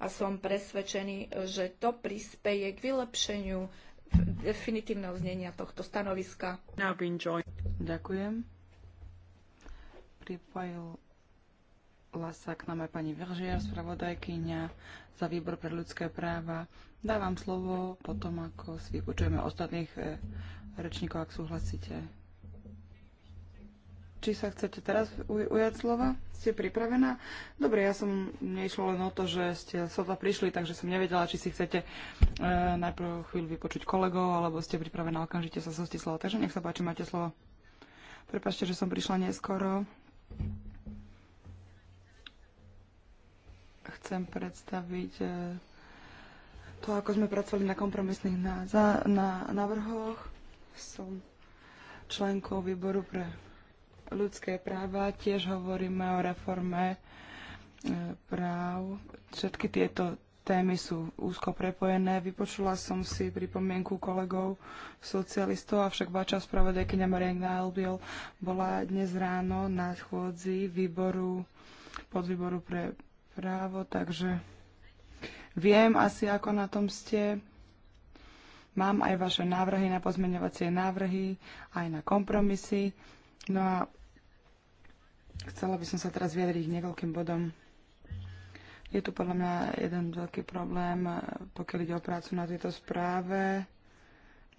a som presvedčený, že to prispeje k vylepšeniu definitívneho znenia tohto stanoviska. Ďakujem. Pripojila sa k nám aj pani Veržia, spravodajkynia za výbor pre ľudské práva Dávam slovo potom, ako si vypočujeme ostatných e, rečníkov, ak súhlasíte. Či sa chcete teraz ujať slova? Ste pripravená? Dobre, ja som, mne išlo len o to, že ste sotva prišli, takže som nevedela, či si chcete e, najprv chvíľu vypočuť kolegov, alebo ste pripravená okamžite sa zhostiť slova. Takže nech sa páči, máte slovo. Prepašte, že som prišla neskoro. Chcem predstaviť e, to, ako sme pracovali na kompromisných návrhoch. Som členkou výboru pre ľudské práva. Tiež hovoríme o reforme e, práv. Všetky tieto témy sú úzko prepojené. Vypočula som si pripomienku kolegov socialistov, avšak vaša spravodajkynia Marianna Albiol bola dnes ráno na chôdzi výboru, podvýboru pre právo, takže Viem asi, ako na tom ste. Mám aj vaše návrhy na pozmeňovacie návrhy, aj na kompromisy. No a chcela by som sa teraz vyjadriť k niekoľkým bodom. Je tu podľa mňa jeden veľký problém, eh, pokiaľ ide o prácu na tejto správe.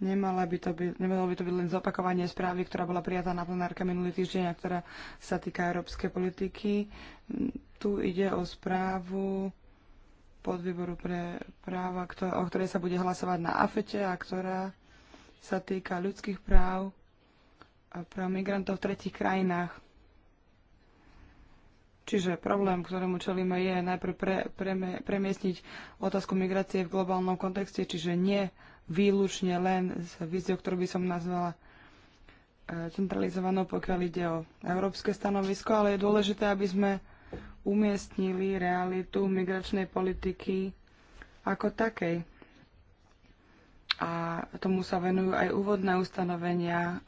Nemalo by to byť, nemalo by to byť len zopakovanie správy, ktorá bola prijatá na plenárke minulý týždeň a ktorá sa týka európskej politiky. Tu ide o správu, podvýboru pre práva, o ktorej sa bude hlasovať na AFETE a ktorá sa týka ľudských práv a práv migrantov v tretich krajinách. Čiže problém, ktorému čelíme, je najprv pre, pre, premiesniť otázku migrácie v globálnom kontexte, čiže nie výlučne len s víziou, ktorú by som nazvala e, centralizovanou, pokiaľ ide o európske stanovisko, ale je dôležité, aby sme umiestnili realitu migračnej politiky ako takej. A tomu sa venujú aj úvodné ustanovenia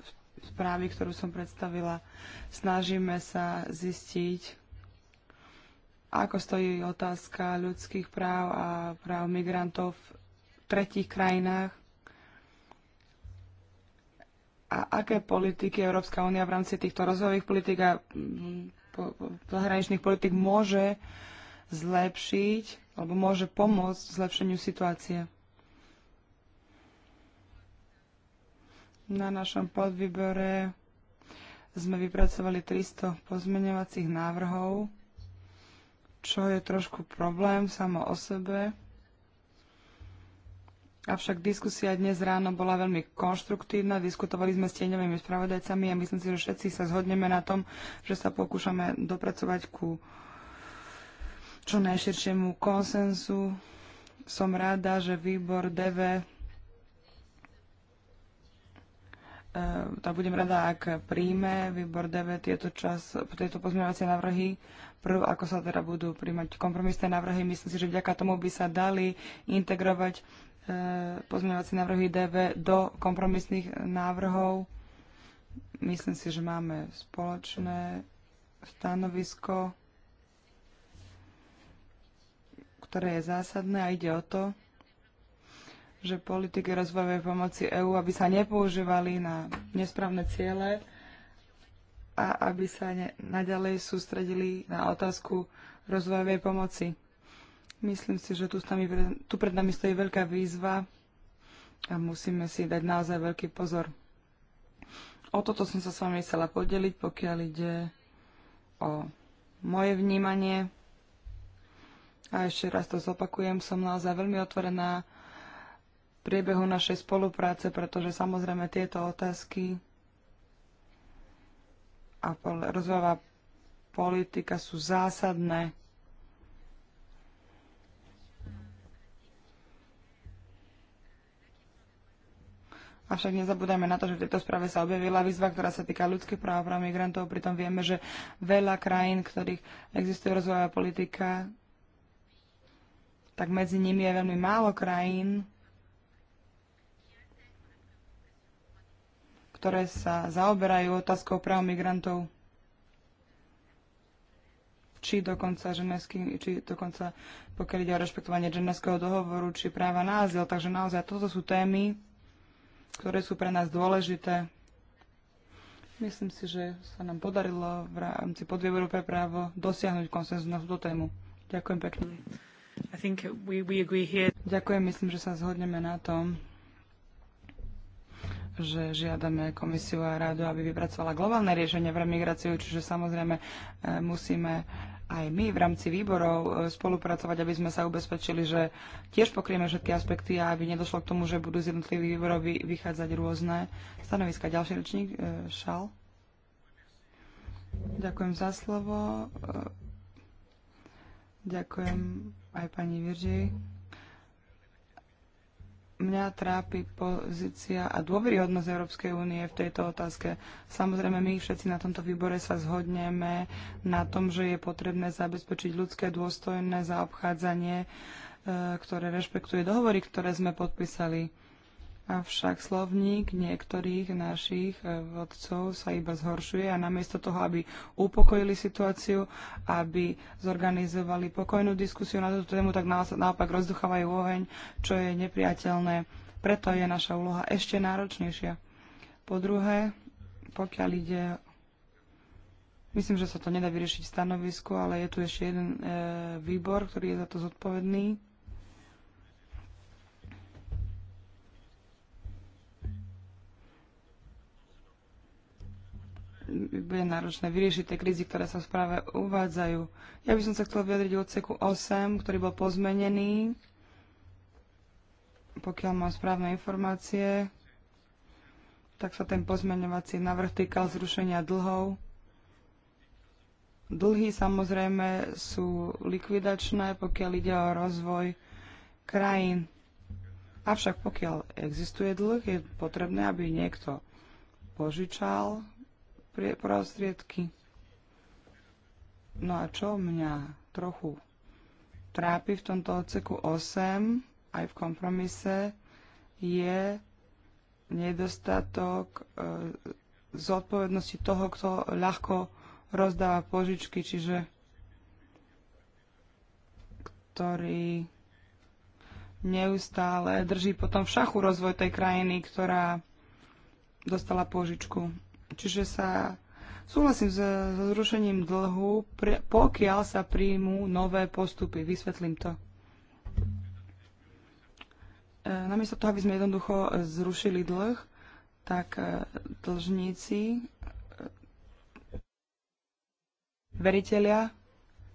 správy, ktorú som predstavila. Snažíme sa zistiť, ako stojí otázka ľudských práv a práv migrantov v tretích krajinách a aké politiky Európska únia v rámci týchto rozvojových politik a mm, zahraničných politik môže zlepšiť alebo môže pomôcť zlepšeniu situácie. Na našom podvýbore sme vypracovali 300 pozmeňovacích návrhov, čo je trošku problém samo o sebe. Avšak diskusia dnes ráno bola veľmi konštruktívna, diskutovali sme s tieňovými spravodajcami a myslím si, že všetci sa zhodneme na tom, že sa pokúšame dopracovať ku čo najširšiemu konsensu. Som rada, že výbor DV e, tak budem rada, ak príjme výbor DV tieto, čas, tieto pozmeňovacie návrhy, prv, ako sa teda budú príjmať kompromisné návrhy. Myslím si, že vďaka tomu by sa dali integrovať pozmeňovacie návrhy DV do kompromisných návrhov. Myslím si, že máme spoločné stanovisko, ktoré je zásadné a ide o to, že politiky rozvojovej pomoci EÚ, aby sa nepoužívali na nesprávne ciele a aby sa ne, naďalej sústredili na otázku rozvojovej pomoci. Myslím si, že tu, stami, tu pred nami stojí veľká výzva a musíme si dať naozaj veľký pozor. O toto som sa s vami chcela podeliť, pokiaľ ide o moje vnímanie. A ešte raz to zopakujem, som naozaj veľmi otvorená priebehu našej spolupráce, pretože samozrejme tieto otázky a rozvojová politika sú zásadné Avšak nezabúdajme na to, že v tejto správe sa objavila výzva, ktorá sa týka ľudských práv práv migrantov. Pritom vieme, že veľa krajín, ktorých existuje rozvojová politika, tak medzi nimi je veľmi málo krajín, ktoré sa zaoberajú otázkou práv migrantov či dokonca, ženevský, či dokonca pokiaľ ide o rešpektovanie ženevského dohovoru, či práva na azyl. Takže naozaj toto sú témy, ktoré sú pre nás dôležité. Myslím si, že sa nám podarilo v rámci podvýboru pre právo dosiahnuť konsenzus na túto tému. Ďakujem pekne. I think we, we agree here. Ďakujem, myslím, že sa zhodneme na tom, že žiadame komisiu a rádu, aby vypracovala globálne riešenie pre migráciu, čiže samozrejme eh, musíme aj my v rámci výborov e, spolupracovať, aby sme sa ubezpečili, že tiež pokrieme všetky aspekty a aby nedošlo k tomu, že budú z jednotlivých výborov vychádzať rôzne stanoviska. Ďalší ročník, e, Šal. Ďakujem za slovo. E, ďakujem aj pani Virži mňa trápi pozícia a dôveryhodnosť Európskej únie v tejto otázke. Samozrejme, my všetci na tomto výbore sa zhodneme na tom, že je potrebné zabezpečiť ľudské dôstojné zaobchádzanie, e, ktoré rešpektuje dohovory, ktoré sme podpísali. Avšak slovník niektorých našich e, vodcov sa iba zhoršuje a namiesto toho, aby upokojili situáciu, aby zorganizovali pokojnú diskusiu na túto tému, tak naopak rozduchávajú oheň, čo je nepriateľné. Preto je naša úloha ešte náročnejšia. Po druhé, pokiaľ ide Myslím, že sa to nedá vyriešiť v stanovisku, ale je tu ešte jeden e, výbor, ktorý je za to zodpovedný. bude náročné vyriešiť tie krízy, ktoré sa v správe uvádzajú. Ja by som sa chcel vyjadriť o odseku 8, ktorý bol pozmenený, pokiaľ mám správne informácie, tak sa ten pozmeňovací návrh týkal zrušenia dlhov. Dlhy samozrejme sú likvidačné, pokiaľ ide o rozvoj krajín. Avšak pokiaľ existuje dlh, je potrebné, aby niekto požičal prostriedky. No a čo mňa trochu trápi v tomto odseku 8, aj v kompromise, je nedostatok e, zodpovednosti toho, kto ľahko rozdáva požičky, čiže ktorý neustále drží potom v šachu rozvoj tej krajiny, ktorá dostala požičku. Čiže sa súhlasím s zrušením dlhu, pokiaľ sa príjmú nové postupy. Vysvetlím to. E, namiesto toho, aby sme jednoducho zrušili dlh, tak e, dlžníci, e, veriteľia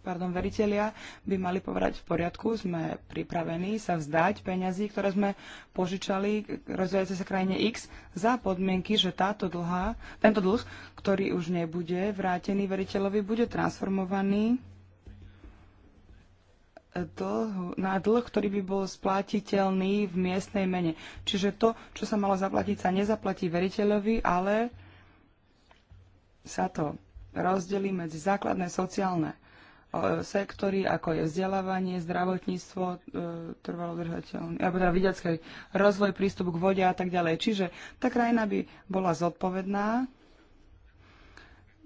pardon, veriteľia by mali povedať v poriadku, sme pripravení sa vzdať peňazí, ktoré sme požičali rozvíjajúcej sa krajine X za podmienky, že táto dlha, tento dlh, ktorý už nebude vrátený veriteľovi, bude transformovaný dlhu, na dlh, ktorý by bol splatiteľný v miestnej mene. Čiže to, čo sa malo zaplatiť, sa nezaplatí veriteľovi, ale sa to rozdelí medzi základné sociálne sektory, ako je vzdelávanie, zdravotníctvo, e, trvalo držateľný, alebo teda vidiacký rozvoj, prístup k vode a tak ďalej. Čiže tá krajina by bola zodpovedná.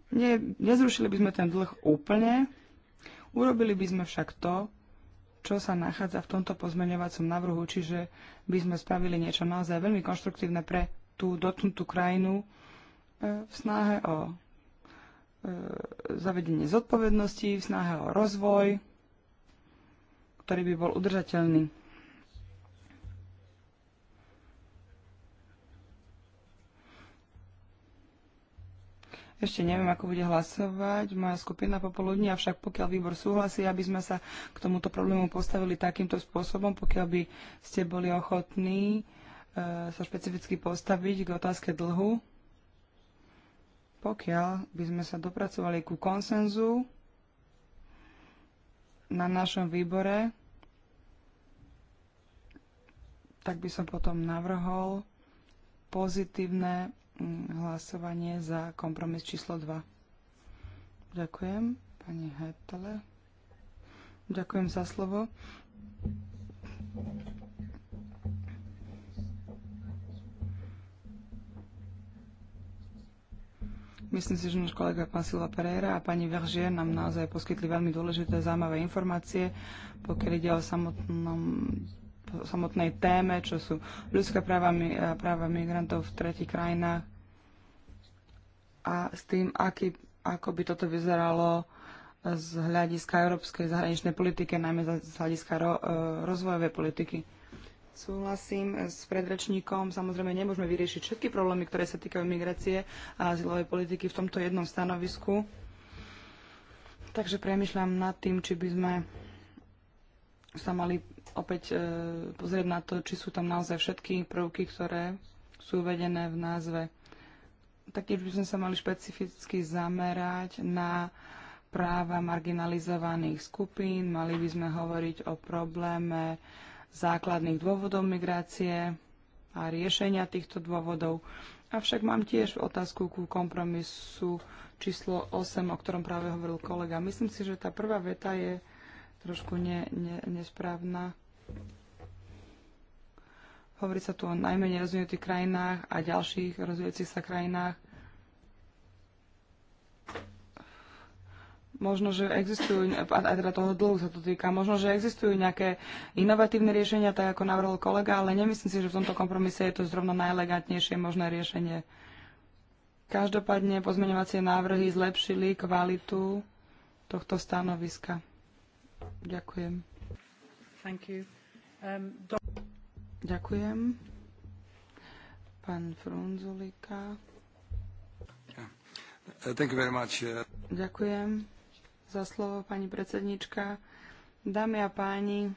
Ne, nezrušili by sme ten dlh úplne, urobili by sme však to, čo sa nachádza v tomto pozmeňovacom navrhu, čiže by sme spravili niečo naozaj veľmi konštruktívne pre tú dotknutú krajinu e, v snahe o E, zavedenie zodpovednosti, v snahe o rozvoj, ktorý by bol udržateľný. Ešte neviem, ako bude hlasovať moja skupina popoludní, avšak pokiaľ výbor súhlasí, aby sme sa k tomuto problému postavili takýmto spôsobom, pokiaľ by ste boli ochotní e, sa špecificky postaviť k otázke dlhu, pokiaľ by sme sa dopracovali ku konsenzu na našom výbore, tak by som potom navrhol pozitívne mm, hlasovanie za kompromis číslo 2. Ďakujem, pani Hetele. Ďakujem za slovo. Myslím si, že náš kolega pán Silva Pereira a pani Veržier nám naozaj poskytli veľmi dôležité zaujímavé informácie, pokiaľ ide o samotnom, samotnej téme, čo sú ľudské práva, práva migrantov v tretich krajinách a s tým, aký, ako by toto vyzeralo z hľadiska európskej zahraničnej politiky, najmä z hľadiska ro, e, rozvojovej politiky. Súhlasím s predrečníkom, samozrejme nemôžeme vyriešiť všetky problémy, ktoré sa týkajú migrácie a azylovej politiky v tomto jednom stanovisku. Takže premyšľam nad tým, či by sme sa mali opäť e, pozrieť na to, či sú tam naozaj všetky prvky, ktoré sú uvedené v názve. Taktiež by sme sa mali špecificky zamerať na práva marginalizovaných skupín, mali by sme hovoriť o probléme základných dôvodov migrácie a riešenia týchto dôvodov. Avšak mám tiež otázku ku kompromisu číslo 8, o ktorom práve hovoril kolega. Myslím si, že tá prvá veta je trošku ne, ne, nesprávna. Hovorí sa tu o najmenej rozvinutých krajinách a ďalších rozvíjajúcich sa krajinách. Možno, že existujú, aj teda toho dlhu sa to týka, možno, že existujú nejaké inovatívne riešenia, tak ako navrhol kolega, ale nemyslím si, že v tomto kompromise je to zrovna najelegantnejšie možné riešenie. Každopádne pozmeňovacie návrhy zlepšili kvalitu tohto stanoviska. Ďakujem. Thank you. Um, do... Ďakujem. Pán Frunzulika. Yeah. Thank you very much. Uh- Ďakujem za slovo, pani predsednička. Dámy a páni,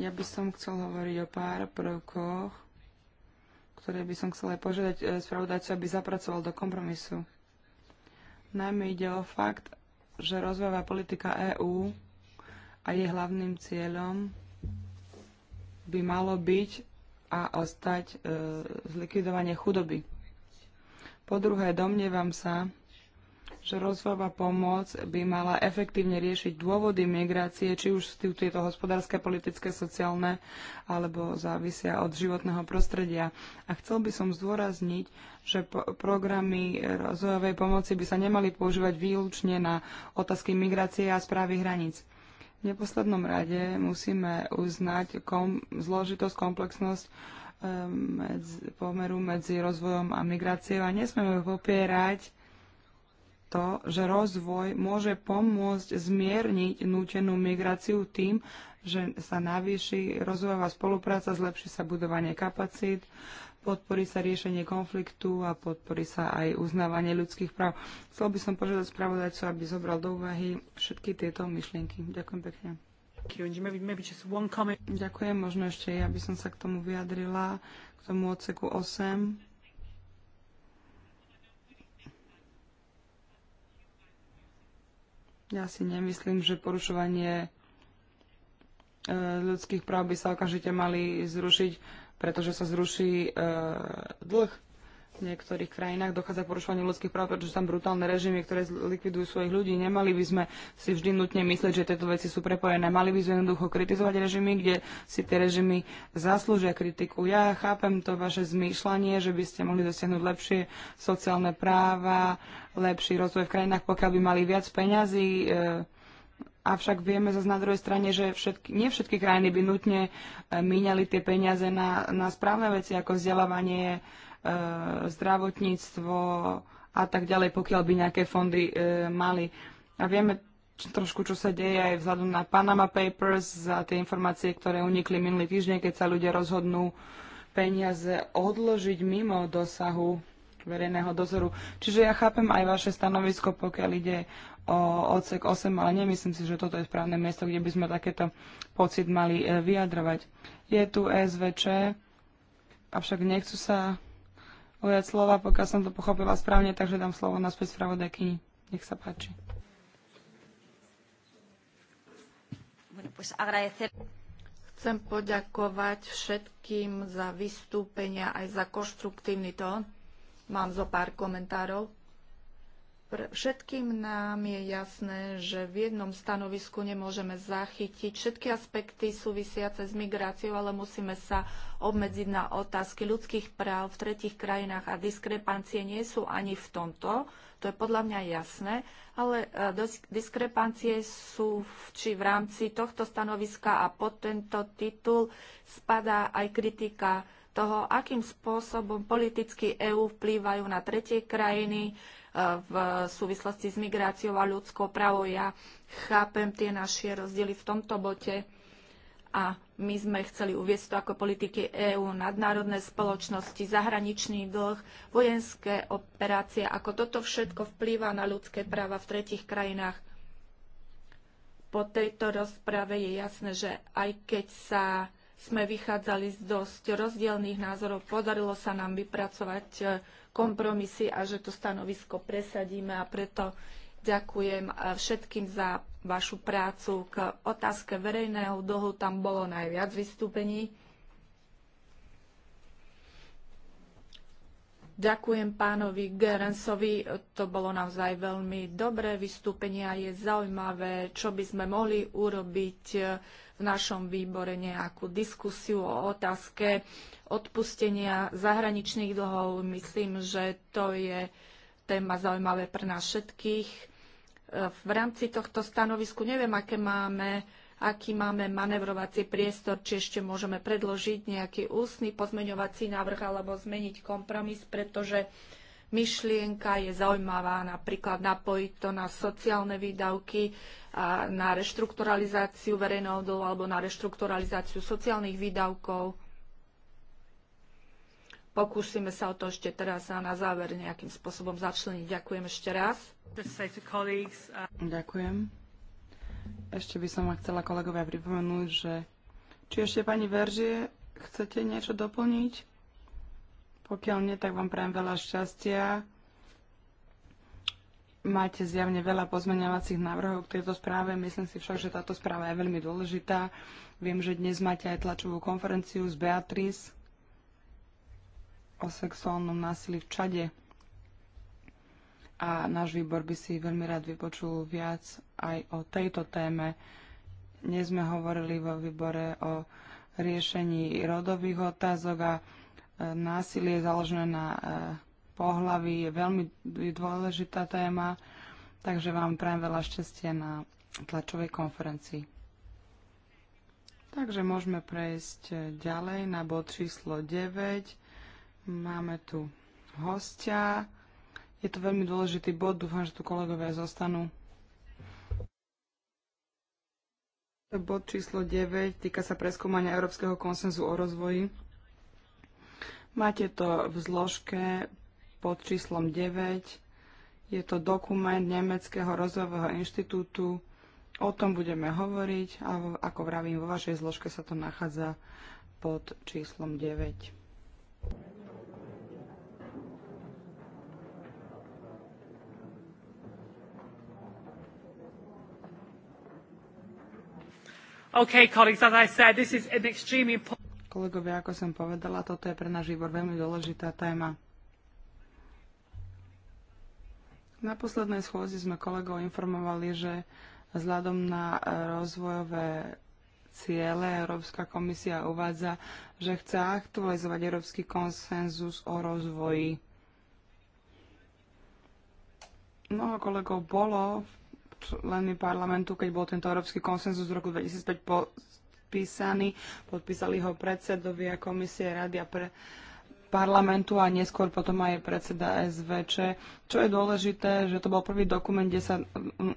ja by som chcel hovoriť o pár prvkoch, ktoré by som chcel aj požiadať eh, spravodajcu, aby zapracoval do kompromisu. Najmä ide o fakt, že rozvojová politika EÚ a jej hlavným cieľom by malo byť a ostať e, zlikvidovanie chudoby. Po druhé, domnievam sa, že rozvojová pomoc by mala efektívne riešiť dôvody migrácie, či už sú tieto hospodárske, politické, sociálne, alebo závisia od životného prostredia. A chcel by som zdôrazniť, že programy rozvojovej pomoci by sa nemali používať výlučne na otázky migrácie a správy hraníc. V neposlednom rade musíme uznať kom- zložitosť, komplexnosť eh, medzi, pomeru medzi rozvojom a migráciou a nesmieme popierať to, že rozvoj môže pomôcť zmierniť nútenú migráciu tým, že sa navýši rozvojová spolupráca, zlepší sa budovanie kapacít, podporí sa riešenie konfliktu a podporí sa aj uznávanie ľudských práv. Chcel by som požiadať spravodajcu, aby zobral do úvahy všetky tieto myšlienky. Ďakujem pekne. Ďakujem, možno ešte ja by som sa k tomu vyjadrila, k tomu odseku 8 Ja si nemyslím, že porušovanie e, ľudských práv by sa okamžite mali zrušiť, pretože sa zruší e, dlh v niektorých krajinách dochádza k porušovaniu ľudských práv, pretože tam brutálne režimy, ktoré likvidujú svojich ľudí. Nemali by sme si vždy nutne myslieť, že tieto veci sú prepojené. Mali by sme jednoducho kritizovať režimy, kde si tie režimy zaslúžia kritiku. Ja chápem to vaše zmýšľanie, že by ste mohli dosiahnuť lepšie sociálne práva, lepší rozvoj v krajinách, pokiaľ by mali viac peňazí. E Avšak vieme zase na druhej strane, že všetky, nie všetky krajiny by nutne eh, míňali tie peniaze na, na správne veci, ako vzdelávanie, E, zdravotníctvo a tak ďalej, pokiaľ by nejaké fondy e, mali. A vieme trošku, čo sa deje aj vzhľadom na Panama Papers, za tie informácie, ktoré unikli minulý týždeň, keď sa ľudia rozhodnú peniaze odložiť mimo dosahu verejného dozoru. Čiže ja chápem aj vaše stanovisko, pokiaľ ide o odsek 8, ale nemyslím si, že toto je správne miesto, kde by sme takéto pocit mali e, vyjadrovať. Je tu SVČ, avšak nechcú sa ujať slova, pokiaľ som to pochopila správne, takže dám slovo naspäť spravodajkyni. Nech sa páči. Chcem poďakovať všetkým za vystúpenia aj za konštruktívny tón. Mám zo pár komentárov. Všetkým nám je jasné, že v jednom stanovisku nemôžeme zachytiť všetky aspekty súvisiace s migráciou, ale musíme sa obmedziť na otázky ľudských práv v tretich krajinách a diskrepancie nie sú ani v tomto, to je podľa mňa jasné, ale e, diskrepancie sú či v rámci tohto stanoviska a pod tento titul spadá aj kritika toho, akým spôsobom politicky EÚ vplývajú na tretie krajiny, v súvislosti s migráciou a ľudskou právou. Ja chápem tie naše rozdiely v tomto bote a my sme chceli uviesť to ako politiky EÚ, nadnárodné spoločnosti, zahraničný dlh, vojenské operácie, ako toto všetko vplýva na ľudské práva v tretich krajinách. Po tejto rozprave je jasné, že aj keď sa sme vychádzali z dosť rozdielných názorov, podarilo sa nám vypracovať kompromisy a že to stanovisko presadíme a preto ďakujem eh, všetkým za vašu prácu. K otázke verejného dlhu tam bolo najviac vystúpení. Ďakujem pánovi Gerensovi, to bolo naozaj veľmi dobré vystúpenie a je zaujímavé, čo by sme mohli urobiť eh, v našom výbore nejakú diskusiu o otázke odpustenia zahraničných dlhov. Myslím, že to je téma zaujímavé pre nás všetkých. E, v rámci tohto stanovisku neviem, aké máme aký máme manevrovací priestor, či ešte môžeme predložiť nejaký ústny pozmeňovací návrh alebo zmeniť kompromis, pretože myšlienka je zaujímavá, napríklad napojiť to na sociálne výdavky, a na reštrukturalizáciu verejného dlhu alebo na reštrukturalizáciu sociálnych výdavkov. Pokúsime sa o to ešte teraz a na záver nejakým spôsobom začleniť. Ďakujem ešte raz. Ďakujem. Ešte by som vám chcela kolegovia pripomenúť, že či ešte pani Veržie chcete niečo doplniť? Pokiaľ nie, tak vám prajem veľa šťastia. Máte zjavne veľa pozmeňovacích návrhov k tejto správe. Myslím si však, že táto správa je veľmi dôležitá. Viem, že dnes máte aj tlačovú konferenciu s Beatrice o sexuálnom násilí v Čade. A náš výbor by si veľmi rád vypočul viac aj o tejto téme. Dnes sme hovorili vo výbore o riešení rodových otázok a násilie založené na e, pohlaví je veľmi dôležitá téma, takže vám prajem veľa šťastia na tlačovej konferencii. Takže môžeme prejsť e, ďalej na bod číslo 9. Máme tu hostia. Je to veľmi dôležitý bod, dúfam, že tu kolegovia zostanú. Bod číslo 9 týka sa preskúmania Európskeho konsenzu o rozvoji Máte to v zložke pod číslom 9. Je to dokument Nemeckého rozvojového inštitútu. O tom budeme hovoriť a ako vravím, vo vašej zložke sa to nachádza pod číslom 9. Okay, colleagues, as I said, this is an extremely important Kolegovia, ako som povedala, toto je pre náš výbor veľmi dôležitá téma. Na poslednej schôzi sme kolegov informovali, že vzhľadom na rozvojové ciele Európska komisia uvádza, že chce aktualizovať Európsky konsenzus o rozvoji. Mnoho kolegov bolo v členy parlamentu, keď bol tento európsky konsenzus z roku 2005 podpísaný. Podpísali ho predsedovia komisie rady a pre parlamentu a neskôr potom aj predseda SVČ. Čo je dôležité, že to bol prvý dokument, kde sa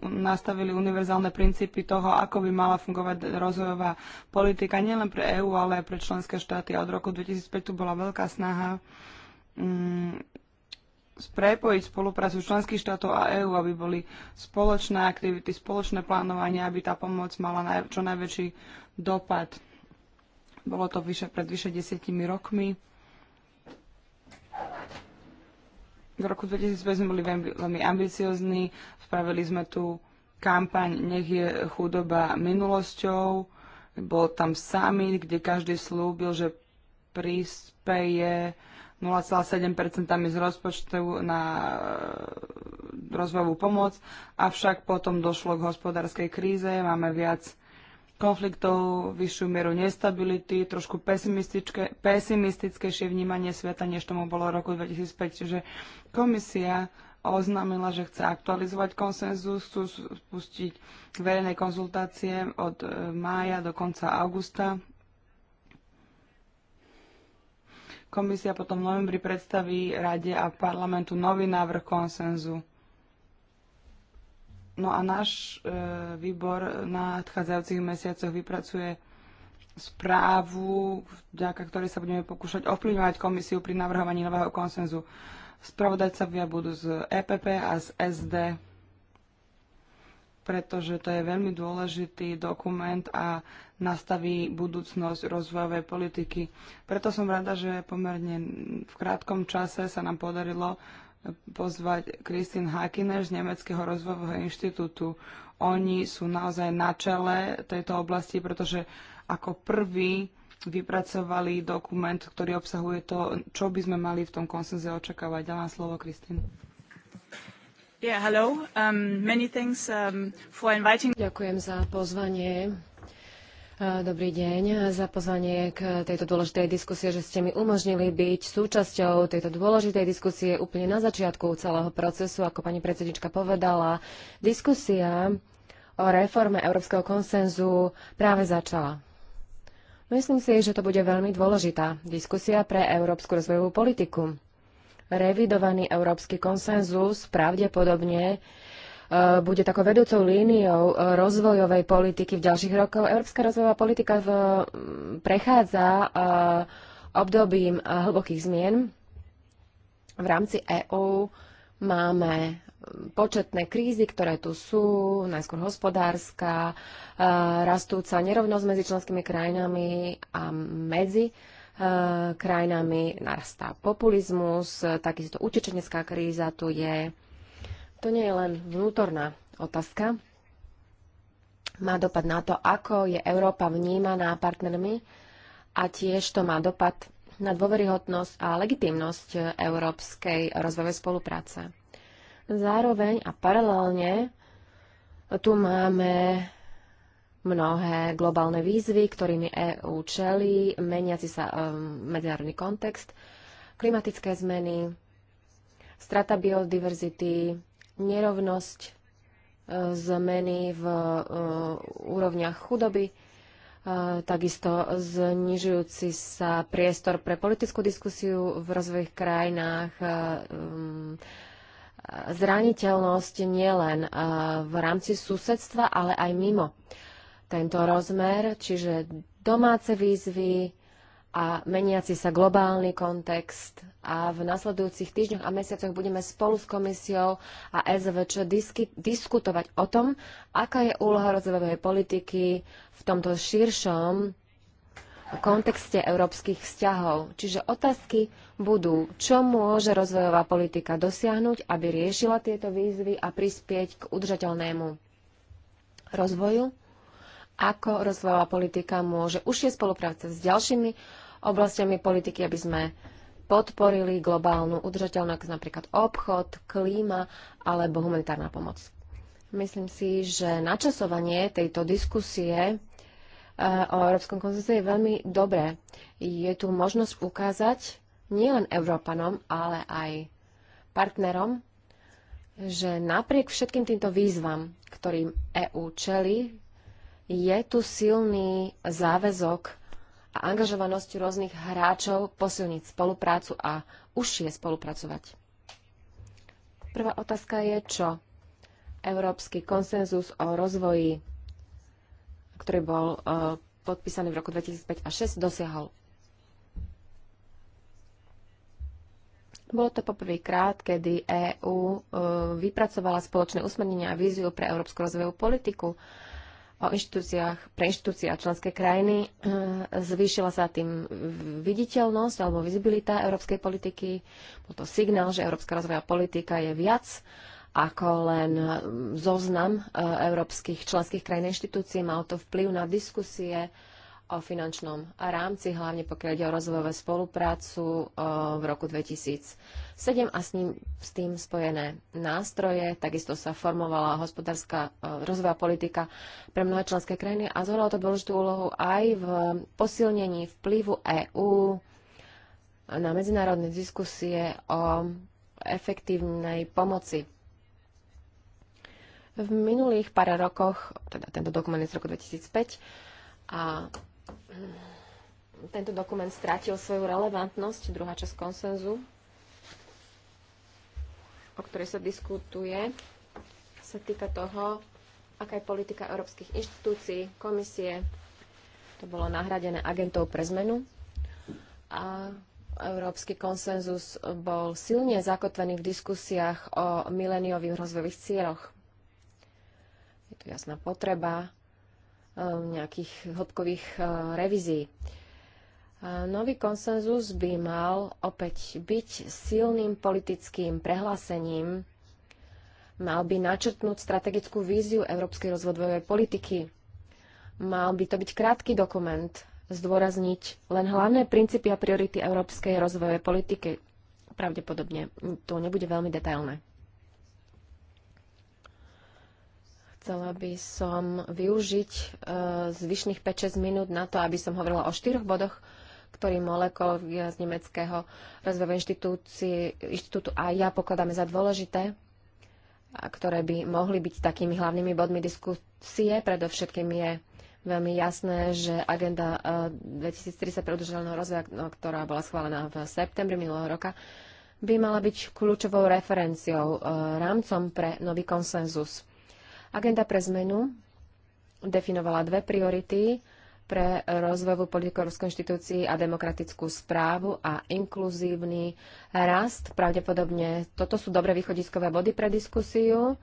nastavili univerzálne princípy toho, ako by mala fungovať rozvojová politika nielen pre EÚ, ale aj pre členské štáty. A od roku 2005 tu bola veľká snaha mm, prepojiť spoluprácu členských štátov a EÚ, aby boli spoločné aktivity, spoločné plánovanie, aby tá pomoc mala naj, čo najväčší dopad. Bolo to vyše, pred vyše desiatimi rokmi. V roku 2005 sme boli veľmi ambiciozní, spravili sme tu kampaň Nech je chudoba minulosťou. Bol tam summit, kde každý slúbil, že prispeje 0,7% z rozpočtu na e, rozvojovú pomoc, avšak potom došlo k hospodárskej kríze, máme viac konfliktov, vyššiu mieru nestability, trošku pesimistické, pesimistickejšie vnímanie sveta, než tomu bolo v roku 2005. Čiže komisia oznámila, že chce aktualizovať konsenzus, chcú spustiť verejné konzultácie od e, mája do konca augusta Komisia potom v novembri predstaví Rade a parlamentu nový návrh konsenzu. No a náš e, výbor na nadchádzajúcich mesiacoch vypracuje správu, vďaka ktorej sa budeme pokúšať ovplyvňovať komisiu pri navrhovaní nového konsenzu. Spravodajcovia budú z EPP a z SD pretože to je veľmi dôležitý dokument a nastaví budúcnosť rozvojovej politiky. Preto som rada, že pomerne v krátkom čase sa nám podarilo pozvať Kristin Hakiner z Nemeckého rozvojového inštitútu. Oni sú naozaj na čele tejto oblasti, pretože ako prvý vypracovali dokument, ktorý obsahuje to, čo by sme mali v tom konsenze očakávať. Dávam slovo Kristin. Um, um, Ďakujem za pozvanie. Dobrý deň za pozvanie k tejto dôležitej diskusie, že ste mi umožnili byť súčasťou tejto dôležitej diskusie úplne na začiatku celého procesu, ako pani predsednička povedala. Diskusia o reforme Európskeho konsenzu práve začala. Myslím si, že to bude veľmi dôležitá diskusia pre európsku rozvojovú politiku revidovaný európsky konsenzus pravdepodobne e, bude takou vedúcou líniou e, rozvojovej politiky v ďalších rokoch. Európska rozvojová politika v, prechádza e, obdobím hlbokých zmien. V rámci EÚ máme početné krízy, ktoré tu sú, najskôr hospodárska, rastúca nerovnosť medzi členskými krajinami a medzi Eh, krajinami, narastá populizmus, eh, takisto utečenecká kríza tu je. To nie je len vnútorná otázka. Má dopad na to, ako je Európa vnímaná partnermi a tiež to má dopad na dôveryhodnosť a legitimnosť európskej rozvojovej spolupráce. Zároveň a paralelne tu máme mnohé globálne výzvy, ktorými EÚ čelí, meniaci sa um, medzinárodný kontext, klimatické zmeny, strata biodiverzity, nerovnosť, uh, zmeny v uh, úrovniach chudoby, uh, takisto znižujúci sa priestor pre politickú diskusiu v rozvojových krajinách, um, zraniteľnosť nielen v rámci susedstva, ale aj mimo tento rozmer, čiže domáce výzvy a meniaci sa globálny kontext. A v nasledujúcich týždňoch a mesiacoch budeme spolu s komisiou a SVČ disky, diskutovať o tom, aká je úloha rozvojovej politiky v tomto širšom kontexte európskych vzťahov. Čiže otázky budú, čo môže rozvojová politika dosiahnuť, aby riešila tieto výzvy a prispieť k udržateľnému rozvoju ako rozvojová politika môže užšie spolupracovať s ďalšími oblastiami politiky, aby sme podporili globálnu ako napríklad obchod, klíma alebo humanitárna pomoc. Myslím si, že načasovanie tejto diskusie eh, o Európskom konsenze je veľmi dobré. Je tu možnosť ukázať nielen Európanom, ale aj partnerom, že napriek všetkým týmto výzvam, ktorým EÚ čeli, je tu silný záväzok a angažovanosť rôznych hráčov posilniť spoluprácu a užšie spolupracovať. Prvá otázka je, čo Európsky konsenzus o rozvoji, ktorý bol e, podpísaný v roku 2005 a 2006, dosiahol. Bolo to poprvýkrát, kedy EÚ e, vypracovala spoločné usmernenia a víziu pre európsku rozvojovú politiku o inštitúciách, pre inštitúcie a členské krajiny. Eh, zvýšila sa tým viditeľnosť alebo vizibilita európskej politiky. Bol to signál, že európska rozvojová politika je viac ako len eh, zoznam eh, európskych členských krajín inštitúcií. Mal to vplyv na diskusie o finančnom rámci, hlavne pokiaľ ide o rozvojové spoluprácu v roku 2007 a s, ním, s tým spojené nástroje. Takisto sa formovala hospodárska rozvojová politika pre mnohé členské krajiny a zohralo to dôležitú úlohu aj v posilnení vplyvu EÚ na medzinárodné diskusie o efektívnej pomoci v minulých pár rokoch, teda tento dokument je z roku 2005, a tento dokument strátil svoju relevantnosť, druhá časť konsenzu, o ktorej sa diskutuje, sa týka toho, aká je politika európskych inštitúcií, komisie. To bolo nahradené agentov pre zmenu. A európsky konsenzus bol silne zakotvený v diskusiách o mileniových rozvojových cieľoch. Je tu jasná potreba Um, nejakých hĺbkových uh, revízií. Nový konsenzus by mal opäť byť silným politickým prehlásením, mal by načrtnúť strategickú víziu európskej rozvodovej politiky, mal by to byť krátky dokument, zdôrazniť len hlavné princípy a priority európskej rozvojovej politiky. Pravdepodobne to nebude veľmi detailné. Chcela by som využiť e, zvyšných 5-6 minút na to, aby som hovorila o štyroch bodoch, ktorý Moleko z Nemeckého rozvojového inštitútu a ja pokladáme za dôležité a ktoré by mohli byť takými hlavnými bodmi diskusie. Predovšetkým je veľmi jasné, že agenda 2030 pre udržateľného rozvoja, ktorá bola schválená v septembri minulého roka, by mala byť kľúčovou referenciou, e, rámcom pre nový konsenzus. Agenda pre zmenu definovala dve priority pre rozvojovú politiku Ruskej inštitúcii a demokratickú správu a inkluzívny rast. Pravdepodobne toto sú dobre východiskové body pre diskusiu,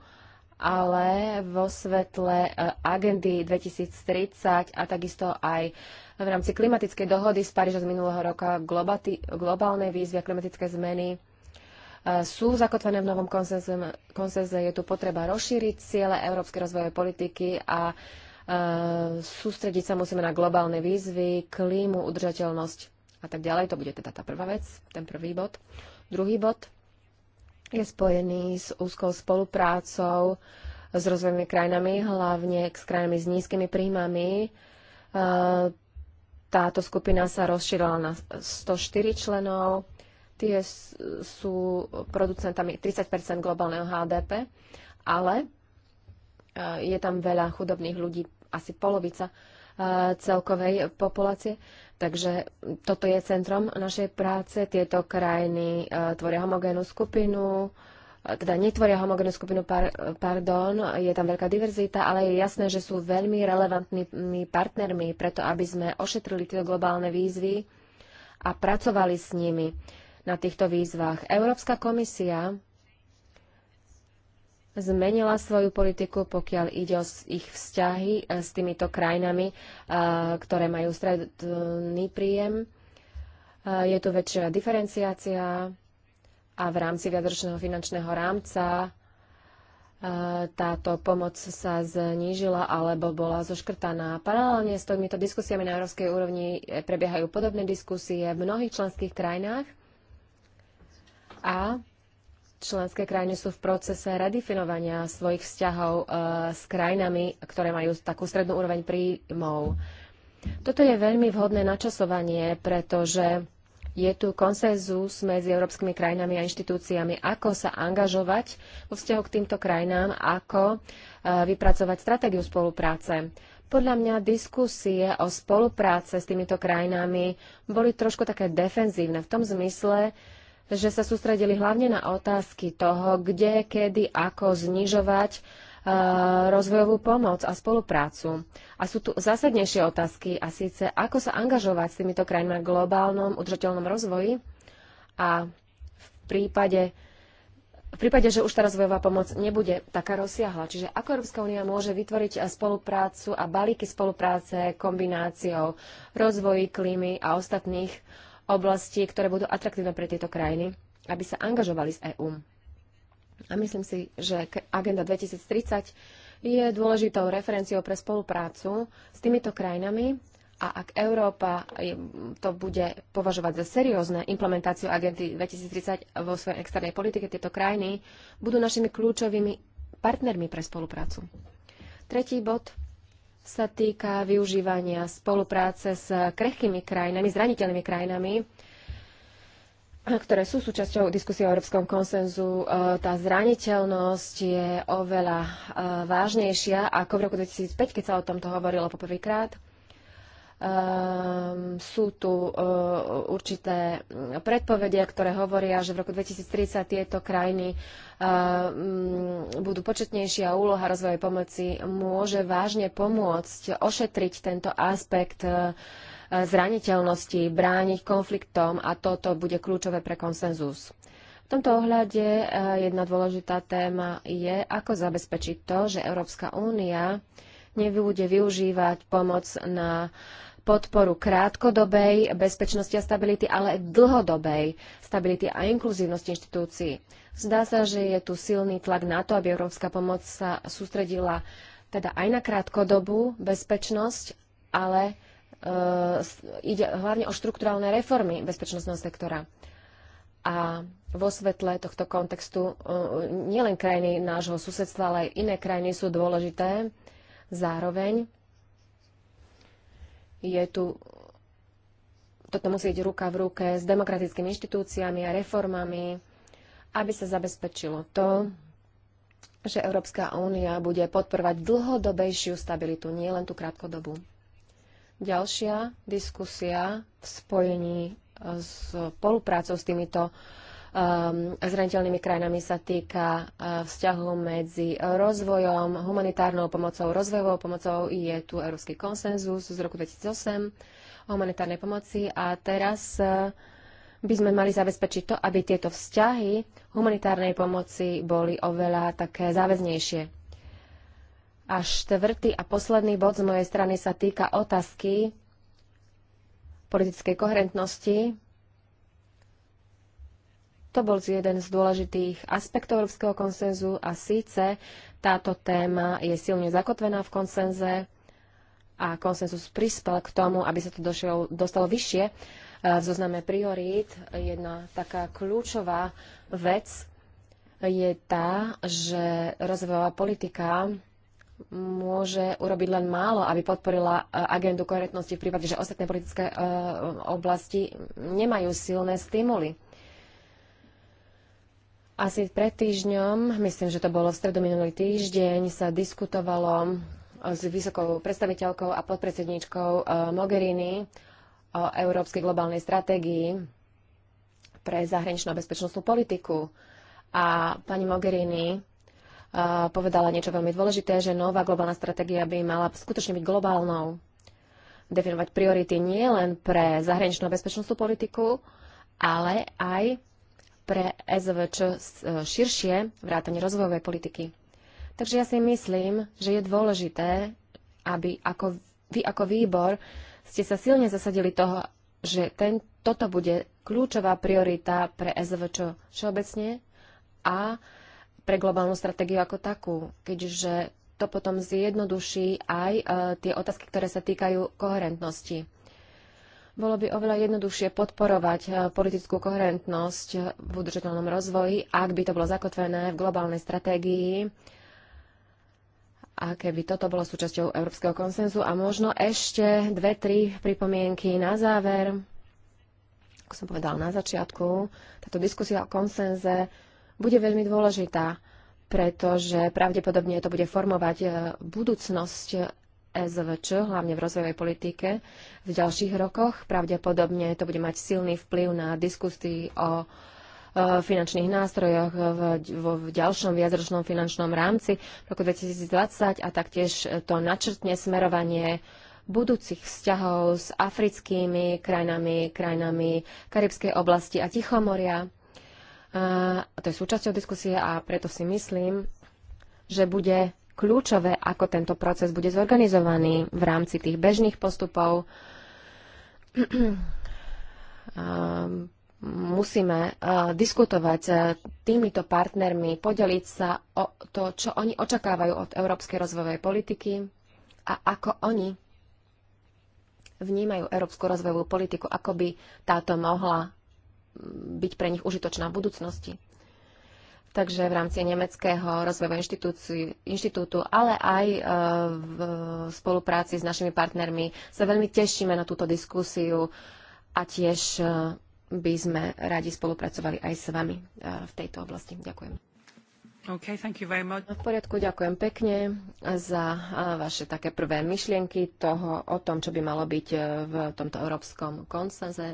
ale vo svetle e, agendy 2030 a takisto aj v rámci klimatickej dohody z Paríža z minulého roka globálnej výzvy a klimatické zmeny sú zakotvené v novom konsenze. Je tu potreba rozšíriť ciele európskej rozvojovej politiky a e, sústrediť sa musíme na globálne výzvy, klímu, udržateľnosť a tak ďalej. To bude teda tá prvá vec, ten prvý bod. Druhý bod je spojený s úzkou spoluprácou s rozvojovými krajinami, hlavne s krajinami s nízkymi príjmami. E, táto skupina sa rozšírila na 104 členov Tie sú producentami 30 globálneho HDP, ale e, je tam veľa chudobných ľudí, asi polovica e, celkovej populácie. Takže toto je centrom našej práce. Tieto krajiny e, tvoria homogénnu skupinu, teda netvoria homogénnu skupinu, par, pardon, je tam veľká diverzita, ale je jasné, že sú veľmi relevantnými partnermi, preto aby sme ošetrili tie globálne výzvy a pracovali s nimi na týchto výzvach. Európska komisia zmenila svoju politiku, pokiaľ ide o ich vzťahy e, s týmito krajinami, e, ktoré majú stredný príjem. E, je tu väčšia diferenciácia a v rámci viadročného finančného rámca táto pomoc sa znížila alebo bola zoškrtaná. Paralelne s týmito diskusiami na európskej úrovni prebiehajú podobné diskusie v mnohých členských krajinách a členské krajiny sú v procese redefinovania svojich vzťahov e, s krajinami, ktoré majú takú strednú úroveň príjmov. Toto je veľmi vhodné načasovanie, pretože je tu konsenzus medzi európskymi krajinami a inštitúciami, ako sa angažovať vo vzťahu k týmto krajinám, ako e, vypracovať stratégiu spolupráce. Podľa mňa diskusie o spolupráce s týmito krajinami boli trošku také defenzívne v tom zmysle, že sa sústredili hlavne na otázky toho, kde, kedy, ako znižovať e, rozvojovú pomoc a spoluprácu. A sú tu zásadnejšie otázky, a síce ako sa angažovať s týmito krajinami v globálnom udržateľnom rozvoji a v prípade, v prípade, že už tá rozvojová pomoc nebude taká rozsiahla. Čiže ako Európska únia môže vytvoriť spoluprácu a balíky spolupráce kombináciou rozvoji klímy a ostatných oblasti, ktoré budú atraktívne pre tieto krajiny, aby sa angažovali s EÚ. A myslím si, že Agenda 2030 je dôležitou referenciou pre spoluprácu s týmito krajinami a ak Európa to bude považovať za seriózne implementáciu Agendy 2030 vo svojej externej politike, tieto krajiny budú našimi kľúčovými partnermi pre spoluprácu. Tretí bod sa týka využívania spolupráce s krehkými krajinami, zraniteľnými krajinami, ktoré sú súčasťou diskusie o európskom konsenzu. E, tá zraniteľnosť je oveľa e, vážnejšia ako v roku 2005, keď sa o tomto hovorilo poprvýkrát. Um, sú tu uh, určité mm, predpovedia, ktoré hovoria, že v roku 2030 tieto krajiny uh, um, budú početnejšie a úloha rozvojovej pomoci môže vážne pomôcť ošetriť tento aspekt uh, zraniteľnosti, brániť konfliktom a toto bude kľúčové pre konsenzus. V tomto ohľade eh, jedna dôležitá téma je, ako zabezpečiť to, že Európska únia nebude využívať pomoc na uh, podporu krátkodobej bezpečnosti a stability, ale aj dlhodobej stability a inkluzívnosti inštitúcií. Zdá sa, že je tu silný tlak na to, aby európska pomoc sa sústredila teda aj na krátkodobú bezpečnosť, ale e, ide hlavne o štrukturálne reformy bezpečnostného sektora. A vo svetle tohto kontextu e, nielen krajiny nášho susedstva, ale aj iné krajiny sú dôležité. Zároveň je tu toto musí ísť ruka v ruke s demokratickými inštitúciami a reformami, aby sa zabezpečilo to, že Európska únia bude podporovať dlhodobejšiu stabilitu, nie len tú krátkodobú. Ďalšia diskusia v spojení s spoluprácou s týmito Ehm, zraniteľnými krajinami sa týka eh, vzťahu medzi rozvojom, humanitárnou pomocou, rozvojovou pomocou. Je tu Európsky konsenzus z roku 2008 o humanitárnej pomoci a teraz eh, by sme mali zabezpečiť to, aby tieto vzťahy humanitárnej pomoci boli oveľa také záväznejšie. A štvrtý a posledný bod z mojej strany sa týka otázky politickej koherentnosti to bol jeden z dôležitých aspektov európskeho konsenzu a síce táto téma je silne zakotvená v konsenze a konsenzus prispel k tomu, aby sa to došiel, dostalo vyššie e, v zozname priorít. Jedna taká kľúčová vec je tá, že rozvojová politika môže urobiť len málo, aby podporila e, agendu koherentnosti v prípade, že ostatné politické e, oblasti nemajú silné stimuly. Asi pred týždňom, myslím, že to bolo v stredu minulý týždeň, sa diskutovalo eh, s vysokou predstaviteľkou a podpredsedníčkou eh, Mogherini o európskej globálnej stratégii pre zahraničnú a bezpečnostnú politiku. A pani Mogherini eh, povedala niečo veľmi dôležité, že nová globálna stratégia by mala skutočne byť globálnou. Definovať priority nie len pre zahraničnú a bezpečnostnú politiku, ale aj pre SVČ e, širšie, vrátanie rozvojovej politiky. Takže ja si myslím, že je dôležité, aby ako, vy ako výbor ste sa silne zasadili toho, že ten, toto bude kľúčová priorita pre SVČ všeobecne a pre globálnu stratégiu ako takú, keďže to potom zjednoduší aj uh, tie otázky, ktoré sa týkajú koherentnosti. Bolo by oveľa jednoduchšie podporovať e, politickú koherentnosť v udržateľnom rozvoji, ak by to bolo zakotvené v globálnej stratégii a keby toto bolo súčasťou európskeho konsenzu. A možno ešte dve, tri pripomienky na záver. Ako som povedala na začiatku, táto diskusia o konsenze bude veľmi dôležitá, pretože pravdepodobne to bude formovať e, budúcnosť SVČ, hlavne v rozvojovej politike, v ďalších rokoch. Pravdepodobne to bude mať silný vplyv na diskusy o e, finančných nástrojoch v, v, v ďalšom viacročnom finančnom rámci v roku 2020 a taktiež to načrtne smerovanie budúcich vzťahov s africkými krajinami, krajinami Karibskej oblasti a Tichomoria. E, a to je súčasťou diskusie a preto si myslím, že bude kľúčové, ako tento proces bude zorganizovaný v rámci tých bežných postupov. Ehm, musíme e, diskutovať s týmito partnermi, podeliť sa o to, čo oni očakávajú od európskej rozvojovej politiky a ako oni vnímajú európsku rozvojovú politiku, ako by táto mohla byť pre nich užitočná v budúcnosti. Takže v rámci Nemeckého rozvojového inštitútu, ale aj e, v spolupráci s našimi partnermi sa veľmi tešíme na túto diskusiu a tiež e, by sme radi spolupracovali aj s vami e, v tejto oblasti. Ďakujem. Okay, v poriadku, ďakujem pekne za vaše také prvé myšlienky toho, o tom, čo by malo byť e, v tomto európskom konsenze.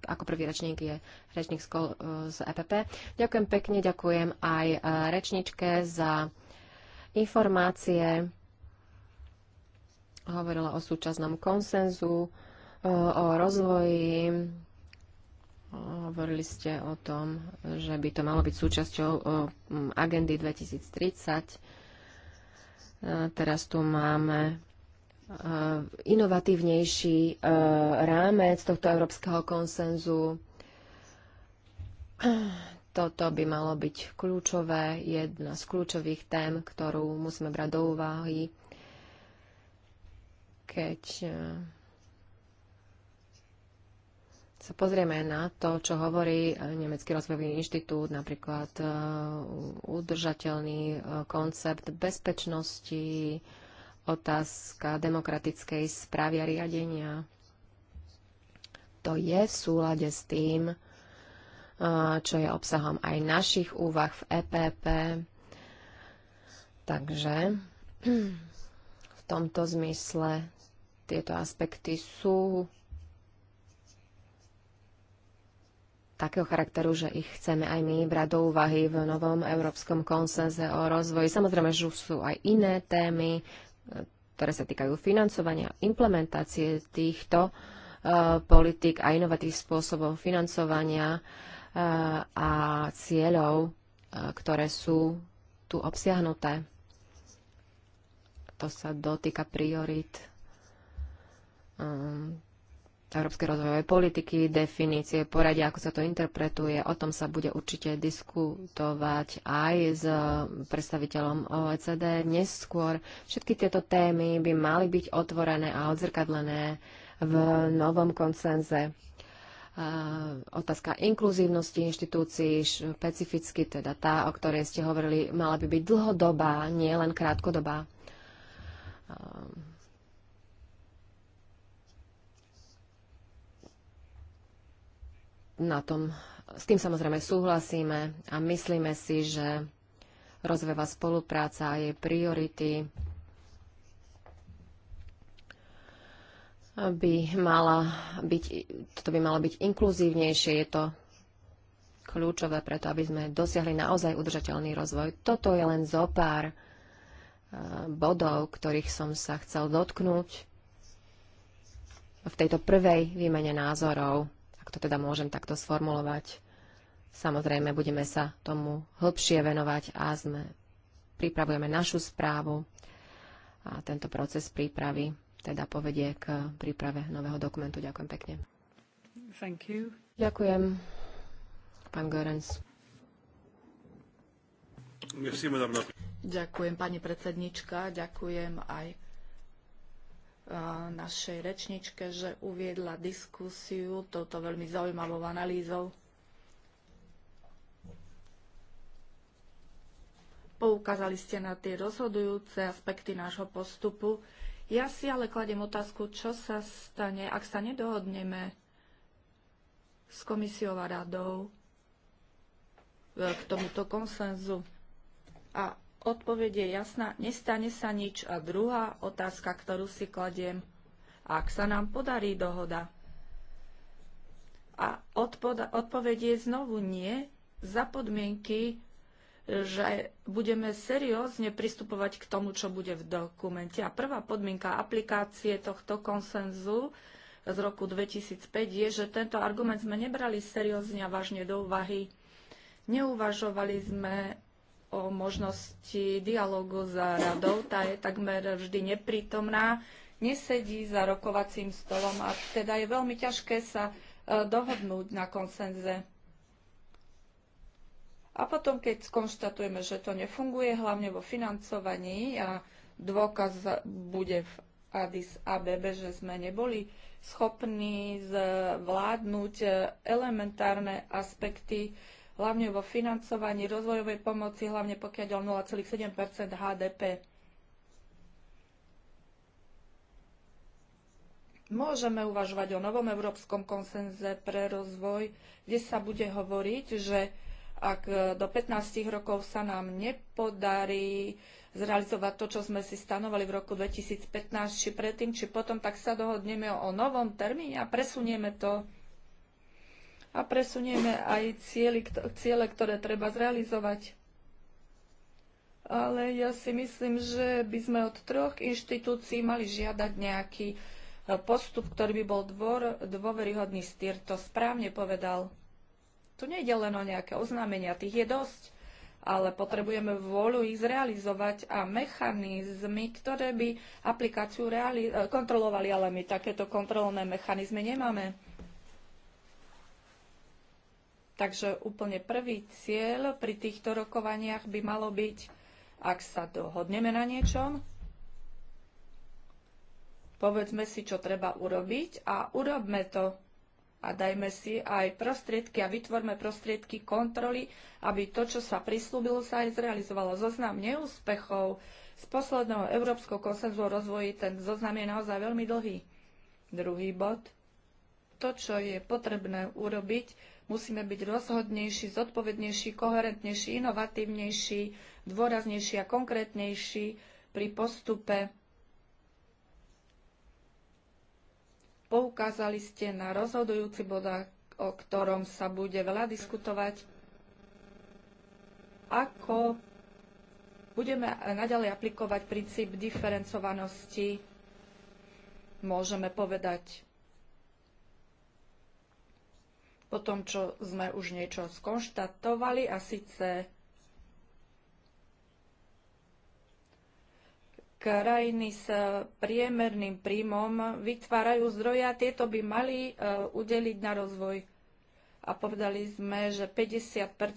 Ako prvý rečník je rečník z EPP. E ďakujem pekne, ďakujem aj e, rečničke za informácie. Hovorila o súčasnom konsenzu, o rozvoji Hovorili ste o tom, že by to malo byť súčasťou agendy 2030. E, teraz tu máme e, inovatívnejší e, rámec tohto európskeho konsenzu. Toto by malo byť kľúčové, jedna z kľúčových tém, ktorú musíme brať do úvahy, keď sa pozrieme na to, čo hovorí e, Nemecký rozvojový inštitút, napríklad e, udržateľný e, koncept bezpečnosti, otázka demokratickej správy a riadenia. To je v súlade s tým, čo je obsahom aj našich úvah v EPP. Takže v tomto zmysle tieto aspekty sú takého charakteru, že ich chceme aj my brať do úvahy v novom európskom konsenze o rozvoji. Samozrejme, že sú aj iné témy, e, ktoré sa týkajú financovania, implementácie týchto e, politik a inovatívnych spôsobov financovania e, a cieľov, ktoré sú tu obsiahnuté. To sa dotýka priorit európskej rozvojovej politiky, definície, poradia, ako sa to interpretuje. O tom sa bude určite diskutovať aj s predstaviteľom OECD neskôr. Všetky tieto témy by mali byť otvorené a odzrkadlené v novom koncenze. Otázka inkluzívnosti inštitúcií, špecificky teda tá, o ktorej ste hovorili, mala by byť dlhodobá, nie len krátkodobá na tom, s tým samozrejme súhlasíme a myslíme si, že rozveva spolupráca a jej priority by mala byť, toto by malo byť inkluzívnejšie, je to kľúčové preto, aby sme dosiahli naozaj udržateľný rozvoj. Toto je len zo pár e, bodov, ktorých som sa chcel dotknúť v tejto prvej výmene názorov ak to teda môžem takto sformulovať. Samozrejme, budeme sa tomu hĺbšie venovať a sme, pripravujeme našu správu a tento proces prípravy teda povedie k príprave nového dokumentu. Ďakujem pekne. Thank you. Ďakujem. Pán Görens. Ďakujem, pani predsednička. Ďakujem aj našej rečničke, že uviedla diskusiu touto veľmi zaujímavou analýzou. Poukázali ste na tie rozhodujúce aspekty nášho postupu. Ja si ale kladem otázku, čo sa stane, ak sa nedohodneme s komisiou a radou e, k tomuto konsenzu. A Odpoveď je jasná, nestane sa nič. A druhá otázka, ktorú si kladiem, ak sa nám podarí dohoda. A odpovede odpoveď je znovu nie, za podmienky, že budeme seriózne pristupovať k tomu, čo bude v dokumente. A prvá podmienka aplikácie tohto konsenzu z roku 2005 je, že tento argument sme nebrali seriózne a vážne do úvahy. Neuvažovali sme o možnosti dialogu za radou. Tá je takmer vždy neprítomná, nesedí za rokovacím stolom a teda je veľmi ťažké sa e, dohodnúť na konsenze. A potom, keď skonštatujeme, že to nefunguje, hlavne vo financovaní, a dôkaz bude v Addis ABB, že sme neboli schopní zvládnuť e, elementárne aspekty hlavne vo financovaní rozvojovej pomoci, hlavne pokiaľ o 0,7 HDP. Môžeme uvažovať o novom európskom konsenze pre rozvoj, kde sa bude hovoriť, že ak e, do 15 rokov sa nám nepodarí zrealizovať to, čo sme si stanovali v roku 2015, či predtým, či potom, tak sa dohodneme o novom termíne a presunieme to a presunieme aj ciele, ktoré treba zrealizovať. Ale ja si myslím, že by sme od troch inštitúcií mali žiadať nejaký e, postup, ktorý by bol dvor, dôveryhodný. Stier to správne povedal. Tu nejde len o nejaké oznámenia, tých je dosť, ale potrebujeme vôľu ich zrealizovať a mechanizmy, ktoré by aplikáciu e, kontrolovali, ale my takéto kontrolné mechanizmy nemáme. Takže úplne prvý cieľ pri týchto rokovaniach by malo byť, ak sa dohodneme na niečom, povedzme si, čo treba urobiť a urobme to. A dajme si aj prostriedky a vytvorme prostriedky kontroly, aby to, čo sa prislúbilo, sa aj zrealizovalo. Zoznam neúspechov z posledného Európskeho konsenzu o rozvoji, ten zoznam je naozaj veľmi dlhý. Druhý bod. To, čo je potrebné urobiť, Musíme byť rozhodnejší, zodpovednejší, koherentnejší, inovatívnejší, dôraznejší a konkrétnejší pri postupe. Poukázali ste na rozhodujúci bod, o ktorom sa bude veľa diskutovať. Ako budeme naďalej aplikovať princíp diferencovanosti, môžeme povedať po tom, čo sme už niečo skonštatovali a síce krajiny s priemerným príjmom vytvárajú zdroje a tieto by mali e, udeliť na rozvoj. A povedali sme, že 50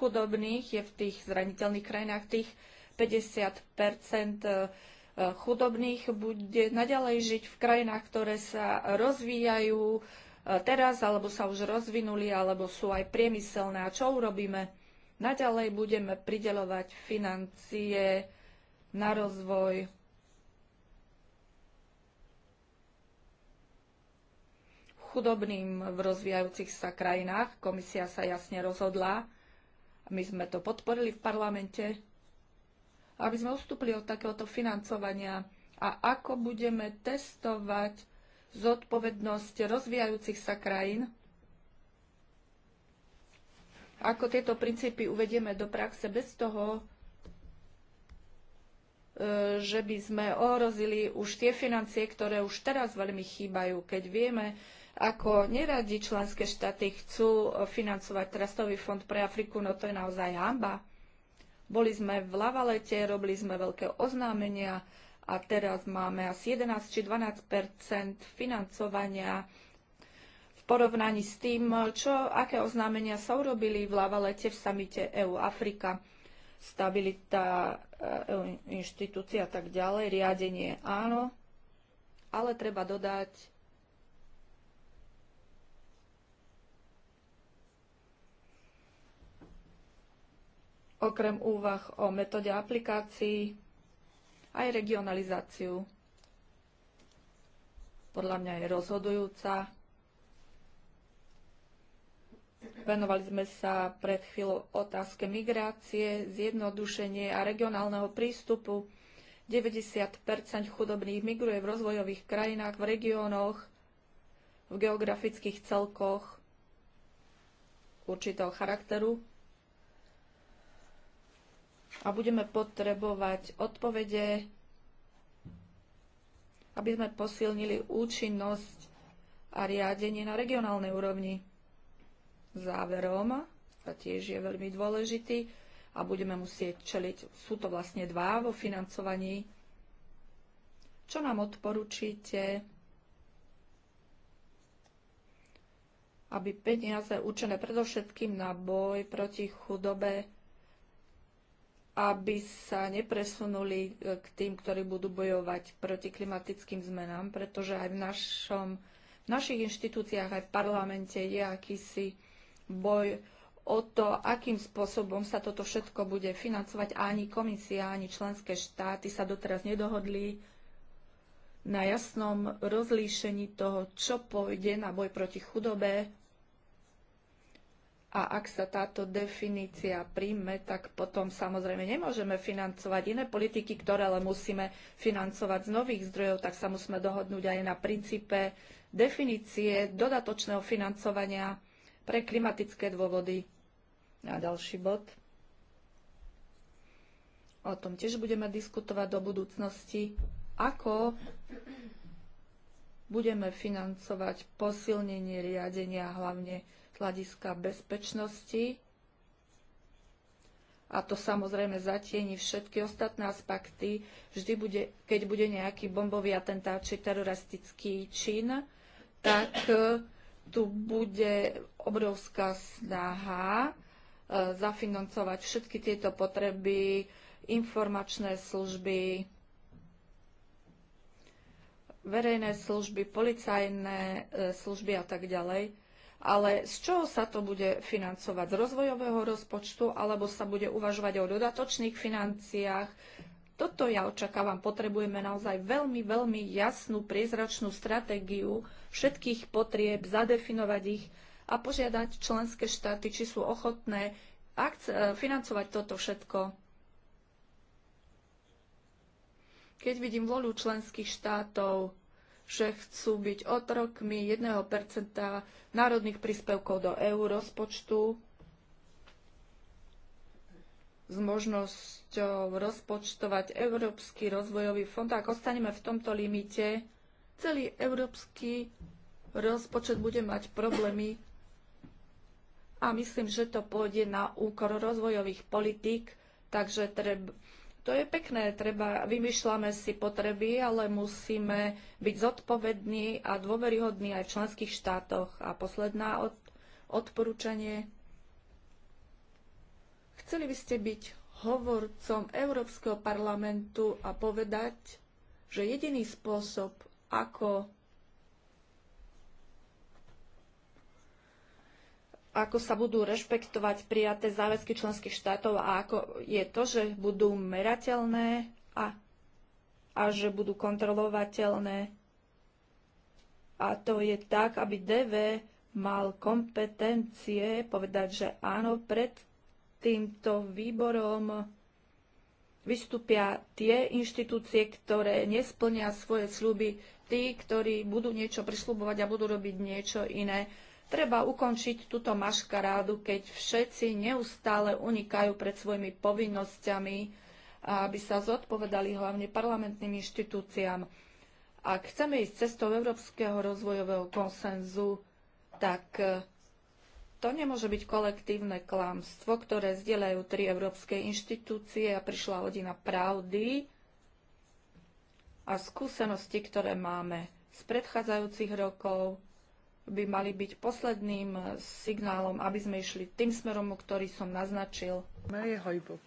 chudobných je v tých zraniteľných krajinách, tých 50 e, chudobných bude naďalej žiť v krajinách, ktoré sa rozvíjajú, teraz, alebo sa už rozvinuli, alebo sú aj priemyselné. A čo urobíme? Naďalej budeme pridelovať financie na rozvoj chudobným v rozvíjajúcich sa krajinách. Komisia sa jasne rozhodla, my sme to podporili v parlamente, aby sme ustúpili od takéhoto financovania a ako budeme testovať zodpovednosť rozvíjajúcich sa krajín. Ako tieto princípy uvedieme do praxe bez toho, e, že by sme ohrozili už tie financie, ktoré už teraz veľmi chýbajú, keď vieme, ako neradi členské štáty chcú financovať Trastový fond pre Afriku, no to je naozaj hamba. Boli sme v Lavalete, robili sme veľké oznámenia a teraz máme asi 11 či 12 financovania v porovnaní s tým, čo, aké oznámenia sa urobili v Lavalete v samite EU-Afrika, stabilita EU e inštitúcia a tak ďalej, riadenie áno, ale treba dodať, okrem úvah o metóde aplikácií, aj regionalizáciu. Podľa mňa je rozhodujúca. Venovali sme sa pred chvíľou otázke migrácie, zjednodušenie a regionálneho prístupu. 90 chudobných migruje v rozvojových krajinách, v regiónoch, v geografických celkoch určitého charakteru a budeme potrebovať odpovede, aby sme posilnili účinnosť a riadenie na regionálnej úrovni. Záverom, a tiež je veľmi dôležitý, a budeme musieť čeliť, sú to vlastne dva vo financovaní. Čo nám odporúčite, aby peniaze určené predovšetkým na boj proti chudobe aby sa nepresunuli e, k tým, ktorí budú bojovať proti klimatickým zmenám, pretože aj v, našom, v našich inštitúciách, aj v parlamente je akýsi boj o to, akým spôsobom sa toto všetko bude financovať. Ani komisia, ani členské štáty sa doteraz nedohodli na jasnom rozlíšení toho, čo pôjde na boj proti chudobe a ak sa táto definícia príjme, tak potom samozrejme nemôžeme financovať iné politiky, ktoré ale musíme financovať z nových zdrojov, tak sa musíme dohodnúť aj na princípe definície dodatočného financovania pre klimatické dôvody. A ďalší bod. O tom tiež budeme diskutovať do budúcnosti, ako budeme financovať posilnenie riadenia hlavne hľadiska bezpečnosti a to samozrejme zatieni všetky ostatné aspekty, vždy bude, keď bude nejaký bombový atentát či teroristický čin, tak eh, tu bude obrovská snaha eh, zafinancovať všetky tieto potreby, informačné služby, verejné služby, policajné eh, služby a tak ďalej ale z čoho sa to bude financovať? Z rozvojového rozpočtu alebo sa bude uvažovať o dodatočných financiách? Toto ja očakávam. Potrebujeme naozaj veľmi, veľmi jasnú, priezračnú stratégiu všetkých potrieb, zadefinovať ich a požiadať členské štáty, či sú ochotné e, financovať toto všetko. Keď vidím volu členských štátov že chcú byť otrokmi 1% národných príspevkov do EU rozpočtu s možnosťou rozpočtovať Európsky rozvojový fond. Ak ostaneme v tomto limite, celý európsky rozpočet bude mať problémy a myslím, že to pôjde na úkor rozvojových politík, takže treba to je pekné, treba, vymýšľame si potreby, ale musíme byť zodpovední a dôveryhodní aj v členských štátoch. A posledná od, odporúčanie. Chceli by ste byť hovorcom Európskeho parlamentu a povedať, že jediný spôsob, ako ako sa budú rešpektovať prijaté záväzky členských štátov a ako je to, že budú merateľné a, a že budú kontrolovateľné. A to je tak, aby DV mal kompetencie povedať, že áno, pred týmto výborom vystúpia tie inštitúcie, ktoré nesplnia svoje sľuby, tí, ktorí budú niečo prislúbovať a budú robiť niečo iné Treba ukončiť túto maškarádu, keď všetci neustále unikajú pred svojimi povinnosťami, aby sa zodpovedali hlavne parlamentným inštitúciám. Ak chceme ísť cestou európskeho rozvojového konsenzu, tak e, to nemôže byť kolektívne klamstvo, ktoré zdieľajú tri európske inštitúcie a prišla hodina pravdy a skúsenosti, ktoré máme z predchádzajúcich rokov, by mali byť posledným eh, signálom, aby sme išli tým smerom, ktorý som naznačil. Maria Hojbok.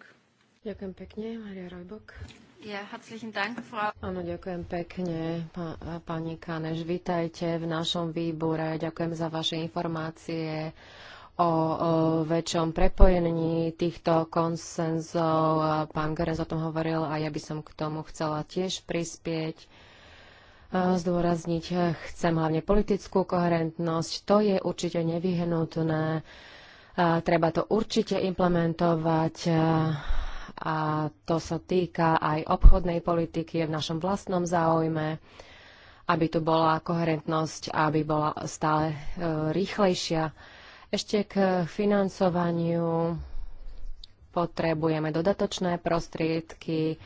Ďakujem pekne, Maria Hojbok. Ja, herzlichen Dank, Frau. Áno, ďakujem pekne, eh, pani Kaneš. Vítajte v našom výbore. Ďakujem za vaše informácie o, o väčšom prepojení týchto konsenzov. Pán Gerez o tom hovoril a ja by som k tomu chcela tiež prispieť zdôrazniť eh, chcem hlavne politickú koherentnosť. To je určite nevyhnutné. Treba to určite implementovať eh, a to sa týka aj obchodnej politiky v našom vlastnom záujme, aby tu bola koherentnosť, aby bola stále eh, rýchlejšia. Ešte k financovaniu potrebujeme dodatočné prostriedky,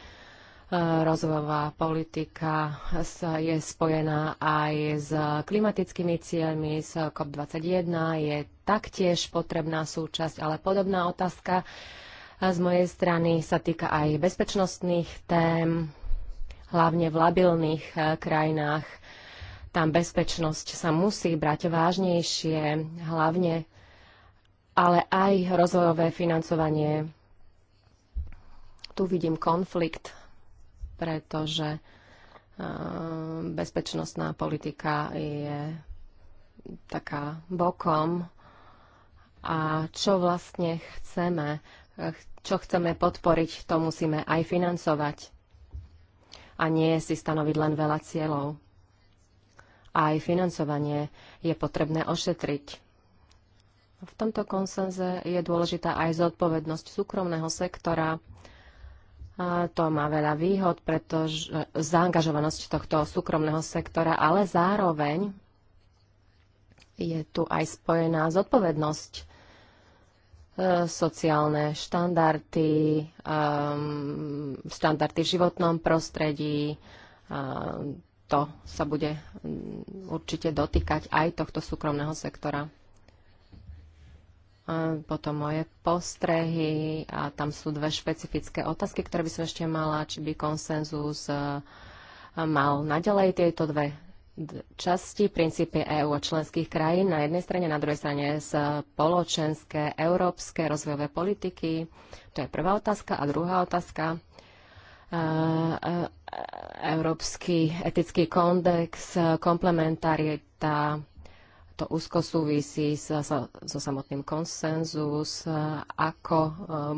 rozvojová politika je spojená aj s klimatickými cieľmi z COP21. Je taktiež potrebná súčasť, ale podobná otázka z mojej strany sa týka aj bezpečnostných tém, hlavne v labilných eh, krajinách. Tam bezpečnosť sa musí brať vážnejšie, hlavne ale aj rozvojové financovanie. Tu vidím konflikt pretože eh, bezpečnostná politika je taká bokom a čo vlastne chceme, eh, čo chceme podporiť, to musíme aj financovať. A nie si stanoviť len veľa cieľov. Aj financovanie je potrebné ošetriť. V tomto konsenze je dôležitá aj zodpovednosť súkromného sektora to má veľa výhod, pretože e, zaangažovanosť tohto súkromného sektora, ale zároveň je tu aj spojená zodpovednosť e, sociálne štandardy, ehm, štandardy v životnom prostredí. to sa bude určite dotýkať aj tohto súkromného sektora potom moje postrehy a tam sú dve špecifické otázky, ktoré by som ešte mala, či by konsenzus e, mal naďalej tieto dve časti, princípy EÚ a členských krajín na jednej strane, na druhej strane z spoločenské, európske rozvojové politiky. To je prvá otázka. A druhá otázka, e, e, Európsky etický kódex, komplementarita, to úzko súvisí so, so samotným konsenzus, ako e,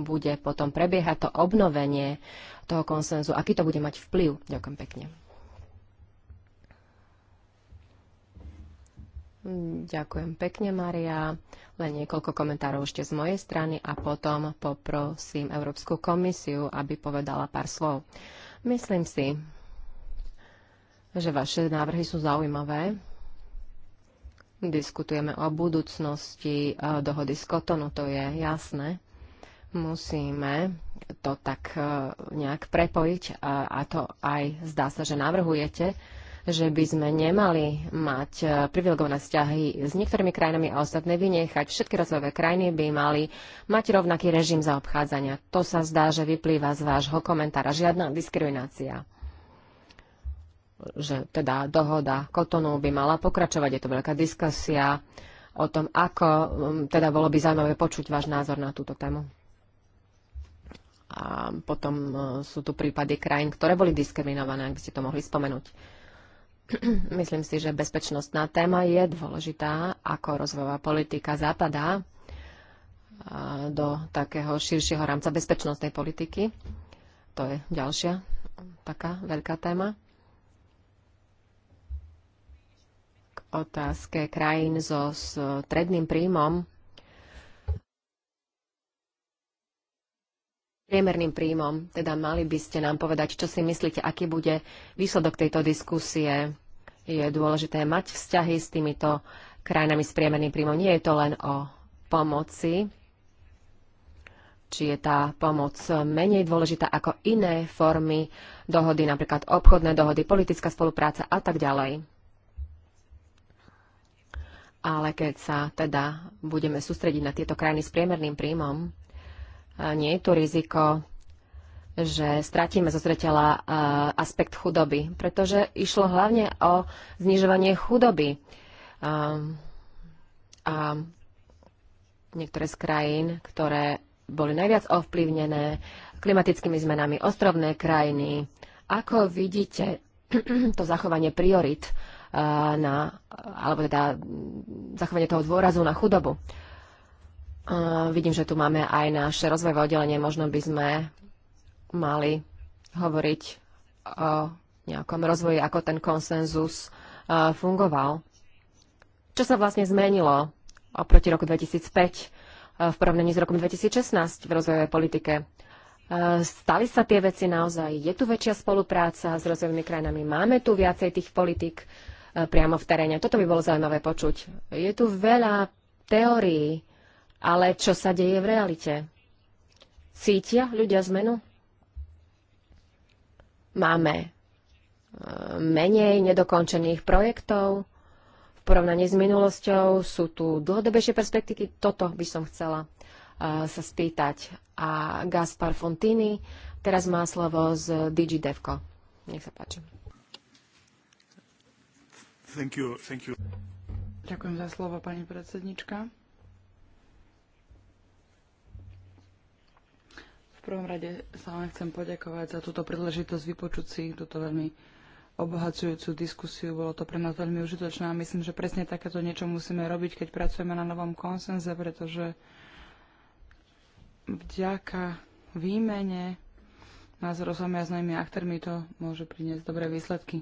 bude potom prebiehať to obnovenie toho konsenzu, aký to bude mať vplyv. Ďakujem pekne. Ďakujem pekne, Maria. Len niekoľko komentárov ešte z mojej strany a potom poprosím Európsku komisiu, aby povedala pár slov. Myslím si, že vaše návrhy sú zaujímavé Diskutujeme o budúcnosti dohody z Kotonu, to je jasné. Musíme to tak e, nejak prepojiť a to aj zdá sa, že navrhujete že by sme nemali mať e, privilegované vzťahy s niektorými krajinami a ostatné vynechať. Všetky rozvojové krajiny by mali mať rovnaký režim zaobchádzania. To sa zdá, že vyplýva z vášho komentára. Žiadna diskriminácia že teda dohoda Kotonu by mala pokračovať. Je to veľká diskusia o tom, ako, mm, teda bolo by zaujímavé počuť váš názor na túto tému. A potom e, sú tu prípady krajín, ktoré boli diskriminované, ak by ste to mohli spomenúť. Myslím si, že bezpečnostná téma je dôležitá, ako rozvojová politika zapadá e, do takého širšieho rámca bezpečnostnej politiky. To je ďalšia taká veľká téma. otázke krajín so e, stredným príjmom, priemerným príjmom, teda mali by ste nám povedať, čo si myslíte, aký bude výsledok tejto diskusie. Je dôležité mať vzťahy s týmito krajinami s priemerným príjmom. Nie je to len o pomoci, či je tá pomoc menej dôležitá ako iné formy dohody, napríklad obchodné dohody, politická spolupráca a tak ďalej ale keď sa teda budeme sústrediť na tieto krajiny s priemerným príjmom, e, nie je tu riziko, že stratíme zo zreteľa e, aspekt chudoby, pretože išlo hlavne o znižovanie chudoby. A, e, a niektoré z krajín, ktoré boli najviac ovplyvnené klimatickými zmenami, ostrovné krajiny. Ako vidíte to zachovanie priorit na, alebo teda zachovanie toho dôrazu na chudobu. vidím, že tu máme aj naše rozvojové oddelenie. Možno by sme mali hovoriť o nejakom rozvoji, ako ten konsenzus fungoval. Čo sa vlastne zmenilo oproti roku 2005 v porovnaní s rokom 2016 v rozvojovej politike? Stali sa tie veci naozaj? Je tu väčšia spolupráca s rozvojovými krajinami? Máme tu viacej tých politik? E, priamo v teréne. Toto by bolo zaujímavé počuť. Je tu veľa teórií, ale čo sa deje v realite? Cítia ľudia zmenu? Máme e, menej nedokončených projektov, v porovnaní s minulosťou sú tu dlhodobejšie perspektívy. Toto by som chcela e, sa spýtať. A Gaspar Fontini teraz má slovo z DigiDevco. Nech sa páči. Thank you, thank you. Ďakujem za slovo, pani predsednička. V prvom rade sa vám chcem poďakovať za túto príležitosť vypočuť si túto veľmi obohacujúcu diskusiu. Bolo to pre nás veľmi užitočné a myslím, že presne takéto niečo musíme robiť, keď pracujeme na novom konsenze, pretože vďaka výmene nás rozumia s novými aktérmi, to môže priniesť dobré výsledky.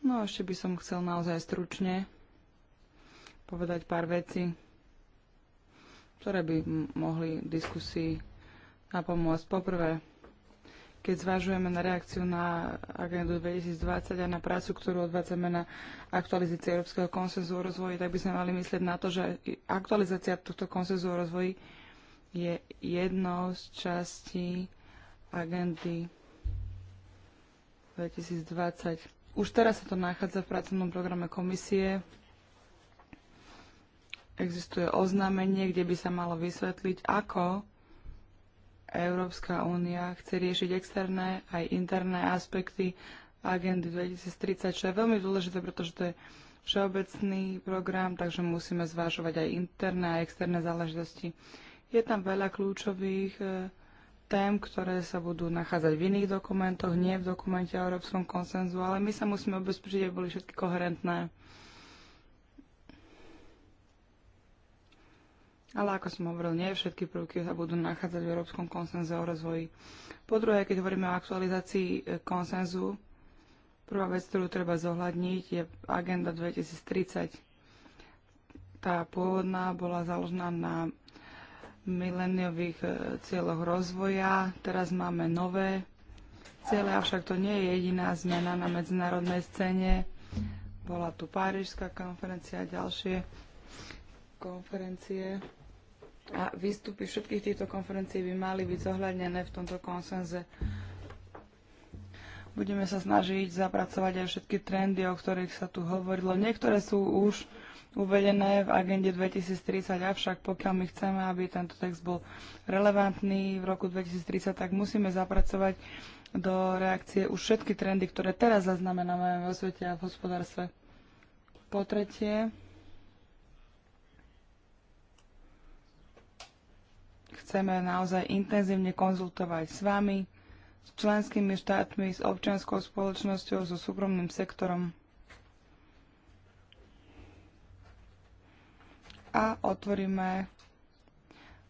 No a ešte by som chcel naozaj stručne povedať pár vecí, ktoré by mohli diskusii napomôcť. Poprvé, keď zvažujeme na reakciu na agendu 2020 a na prácu, ktorú odvádzame na aktualizácii Európskeho konsenzu o rozvoji, tak by sme mali myslieť na to, že aktualizácia tohto konsenzu o rozvoji je jednou z častí agendy 2020. Už teraz sa to nachádza v pracovnom programe komisie. Existuje oznámenie, kde by sa malo vysvetliť, ako Európska únia chce riešiť externé aj interné aspekty agendy 2030, čo je veľmi dôležité, pretože to je všeobecný program, takže musíme zvážovať aj interné a externé záležitosti. Je tam veľa kľúčových e, tém, ktoré sa budú nachádzať v iných dokumentoch, nie v dokumente o európskom konsenzu, ale my sa musíme obezpečiť, aby boli všetky koherentné. Ale ako som hovoril, nie všetky prvky sa budú nachádzať v európskom konsenze o rozvoji. Po druhé, keď hovoríme o aktualizácii e, konsenzu, prvá vec, ktorú treba zohľadniť, je agenda 2030. Tá pôvodná bola založená na mileniových e, cieľoch rozvoja. Teraz máme nové cieľe, avšak to nie je jediná zmena na medzinárodnej scéne. Bola tu Párižská konferencia a ďalšie konferencie. A výstupy všetkých týchto konferencií by mali byť zohľadnené v tomto konsenze. Budeme sa snažiť zapracovať aj všetky trendy, o ktorých sa tu hovorilo. Niektoré sú už uvedené v agende 2030, avšak pokiaľ my chceme, aby tento text bol relevantný v roku 2030, tak musíme zapracovať do reakcie už všetky trendy, ktoré teraz zaznamenáme vo svete a v hospodárstve. Po tretie, chceme naozaj intenzívne konzultovať s vami, s členskými štátmi, s občianskou spoločnosťou, so súkromným sektorom. a otvoríme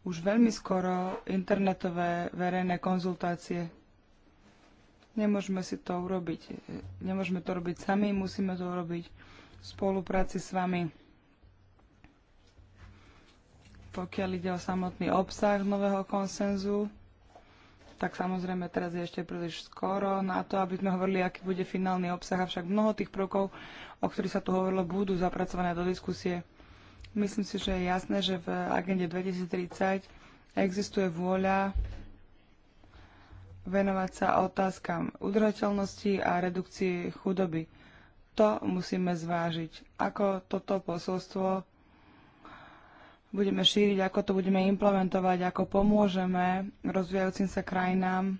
už veľmi skoro internetové verejné konzultácie. Nemôžeme si to urobiť. Nemôžeme to robiť sami, musíme to urobiť v spolupráci s vami. Pokiaľ ide o samotný obsah nového konsenzu, tak samozrejme teraz je ešte príliš skoro na to, aby sme hovorili, aký bude finálny obsah, avšak mnoho tých prvkov, o ktorých sa tu hovorilo, budú zapracované do diskusie. Myslím si, že je jasné, že v agende 2030 existuje vôľa venovať sa otázkam udržateľnosti a redukcii chudoby. To musíme zvážiť. Ako toto posolstvo budeme šíriť, ako to budeme implementovať, ako pomôžeme rozvíjajúcim sa krajinám,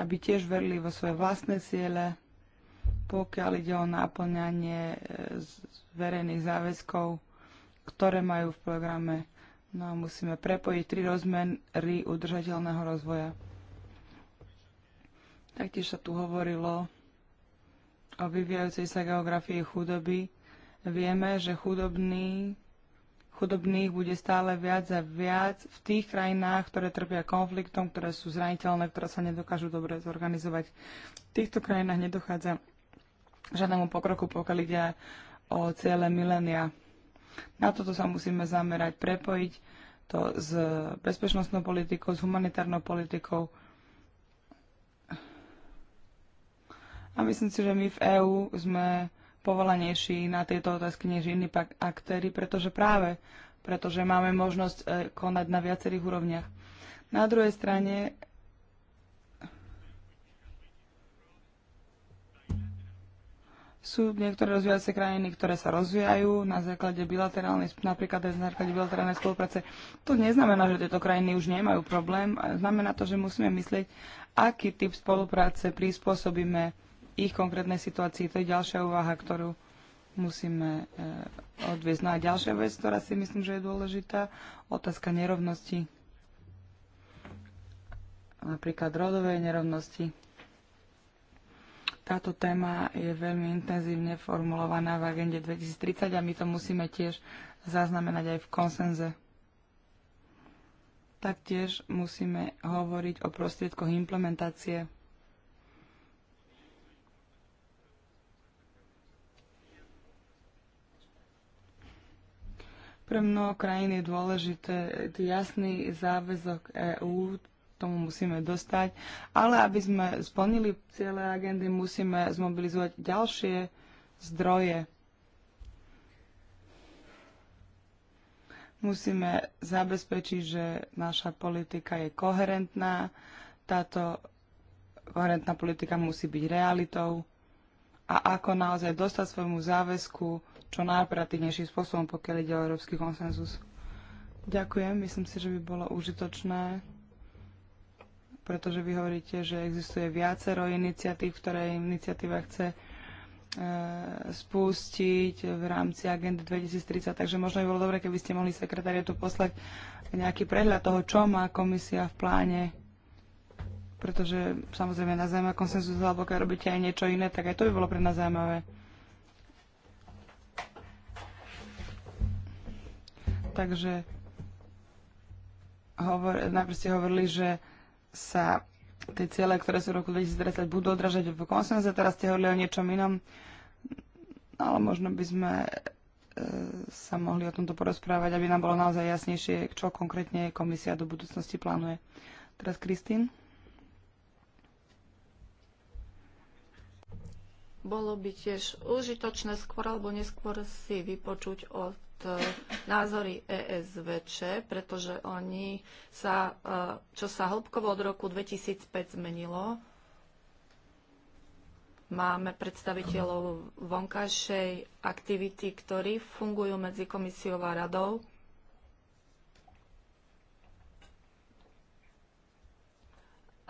aby tiež verili vo svoje vlastné ciele, pokiaľ ide o náplňanie e, verejných záväzkov ktoré majú v programe. No a musíme prepojiť tri rozmery udržateľného rozvoja. Taktiež sa tu hovorilo o vyvíjajúcej sa geografii chudoby. Vieme, že chudobný, chudobných bude stále viac a viac v tých krajinách, ktoré trpia konfliktom, ktoré sú zraniteľné, ktoré sa nedokážu dobre zorganizovať. V týchto krajinách nedochádza žiadnemu pokroku, pokiaľ ide o ciele milénia. Na toto sa musíme zamerať, prepojiť to s bezpečnostnou politikou, s humanitárnou politikou. A myslím si, že my v EÚ sme povolanejší na tieto otázky než iní aktéry, pretože práve pretože máme možnosť e, konať na viacerých úrovniach. Na druhej strane Sú niektoré rozvíjajúce krajiny, ktoré sa rozvíjajú na základe bilaterálnej, napríklad na základe bilaterálnej spolupráce. To neznamená, že tieto krajiny už nemajú problém. Znamená to, že musíme myslieť, aký typ spolupráce prispôsobíme ich konkrétnej situácii. To je ďalšia úvaha, ktorú musíme eh, odviesť. No a ďalšia vec, ktorá si myslím, že je dôležitá, otázka nerovnosti. Napríklad rodovej nerovnosti. Táto téma je veľmi intenzívne formulovaná v agende 2030 a my to musíme tiež zaznamenať aj v konsenze. Taktiež musíme hovoriť o prostriedkoch implementácie. Pre mnoho krajín je dôležité jasný záväzok EÚ tomu musíme dostať. Ale aby sme splnili cieľe agendy, musíme zmobilizovať ďalšie zdroje. Musíme zabezpečiť, že naša politika je koherentná. Táto koherentná politika musí byť realitou a ako naozaj dostať svojmu záväzku čo najpratívnejším spôsobom, pokiaľ ide o európsky konsenzus. Ďakujem, myslím si, že by bolo užitočné pretože vy hovoríte, že existuje viacero iniciatív, ktoré iniciatíva chce e, spustiť v rámci agendy 2030. Takže možno by bolo dobre, keby ste mohli sekretariatu poslať nejaký prehľad toho, čo má komisia v pláne. Pretože samozrejme na zaujíma konsenzus, alebo keď robíte aj niečo iné, tak aj to by bolo pre nás zaujímavé. Takže hovor, najprv ste hovorili, že sa tie ciele, ktoré sú v roku 2030, budú odražať v konsenze. Teraz ste hovorili o niečom inom, no, ale možno by sme e, sa mohli o tomto porozprávať, aby nám bolo naozaj jasnejšie, čo konkrétne komisia do budúcnosti plánuje. Teraz Kristín. Bolo by tiež užitočné skôr alebo neskôr si vypočuť o E, názory ESVČ, pretože oni sa, e, čo sa hĺbkovo od roku 2005 zmenilo, máme predstaviteľov vonkajšej aktivity, ktorí fungujú medzi komisiou a radou.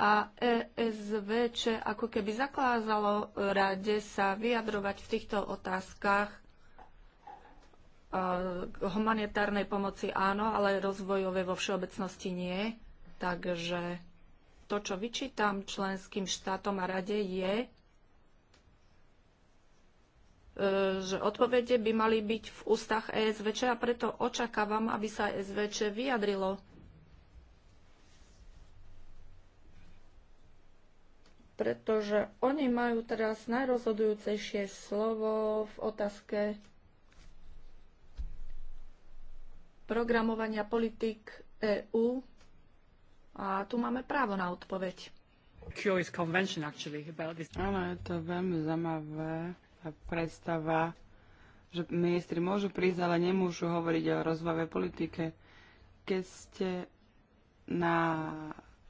a ESVČ ako keby zakázalo rade sa vyjadrovať v týchto otázkach Eh, humanitárnej pomoci áno, ale rozvojové vo všeobecnosti nie. Takže to, čo vyčítam členským štátom a rade, je, eh, že odpovede by mali byť v ústach ESVČ a preto očakávam, aby sa ESVČ vyjadrilo. Pretože oni majú teraz najrozhodujúcejšie slovo v otázke programovania politik EÚ a tu máme právo na odpoveď. Áno, je to veľmi zaujímavé predstava, že ministri môžu prísť, ale nemôžu hovoriť o rozvojovej politike. Keď ste na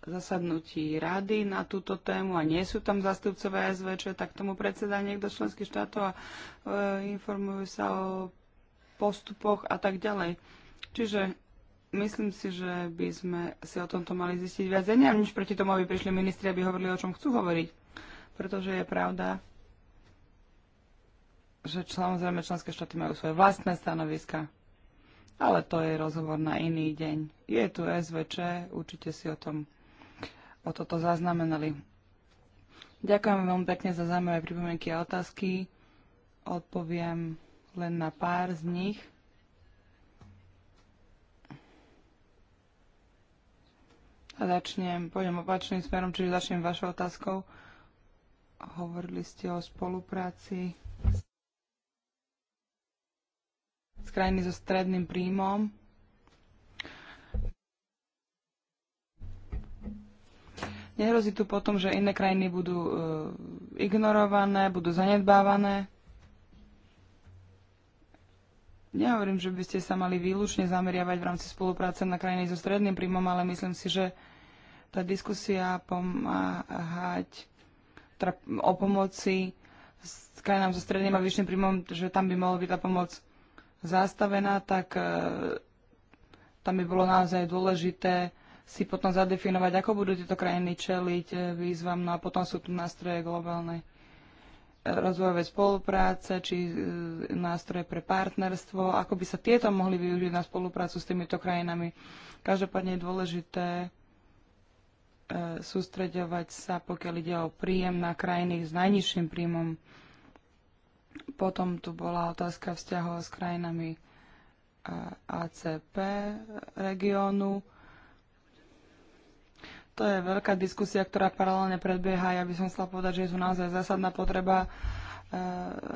zasadnutí rady na túto tému a nie sú tam zastupcové SVČ, tak tomu predseda niekto členských štátov a e, informujú sa o postupoch a tak ďalej. Čiže myslím si, že by sme si o tomto mali zistiť viac. Ja nemám nič proti tomu, aby prišli ministri, aby hovorili, o čom chcú hovoriť. Pretože je pravda, že samozrejme členské štáty majú svoje vlastné stanoviska. Ale to je rozhovor na iný deň. Je tu SVČ, určite si o tom o toto zaznamenali. Ďakujem veľmi pekne za zaujímavé pripomienky a otázky. Odpoviem len na pár z nich. začnem, pôjdem opačným smerom, čiže začnem vašou otázkou. Hovorili ste o spolupráci s krajiny so stredným príjmom. Nehrozí tu potom, že iné krajiny budú e, ignorované, budú zanedbávané. Nehovorím, že by ste sa mali výlučne zameriavať v rámci spolupráce na krajiny so stredným príjmom, ale myslím si, že tá diskusia pomáhať, teda o pomoci s krajinám so stredným a vyšším príjmom, že tam by mohla byť tá pomoc zastavená, tak e, tam by bolo naozaj dôležité si potom zadefinovať, ako budú tieto krajiny čeliť e, výzvam. No a potom sú tu nástroje globálnej e, rozvojové spolupráce, či nástroje pre partnerstvo, ako by sa tieto mohli využiť na spoluprácu s týmito krajinami. Každopádne je dôležité E, sústreďovať sa, pokiaľ ide o príjem na krajiny s najnižším príjmom. Potom tu bola otázka vzťahov s krajinami e, ACP regiónu. To je veľká diskusia, ktorá paralelne predbieha. Ja by som chcela povedať, že je tu naozaj zásadná potreba e,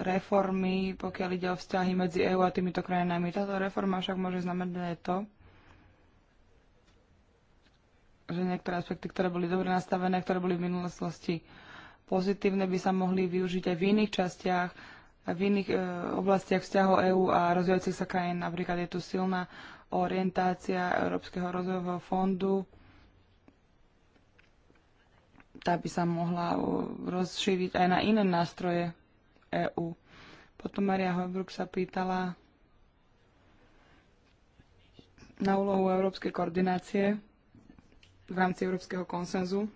reformy, pokiaľ ide o vzťahy medzi EÚ a týmito krajinami. Táto reforma však môže znamenať to, že niektoré aspekty, ktoré boli dobre nastavené, ktoré boli v minulosti pozitívne, by sa mohli využiť aj v iných častiach, aj v iných e, oblastiach vzťahov EÚ a rozvíjajúcich sa krajín. Napríklad je tu silná orientácia Európskeho rozvojového fondu. Tá by sa mohla e, rozšíriť aj na iné nástroje EÚ. Potom Maria Hojbruk sa pýtala na úlohu európskej koordinácie v rámci európskeho konsenzu.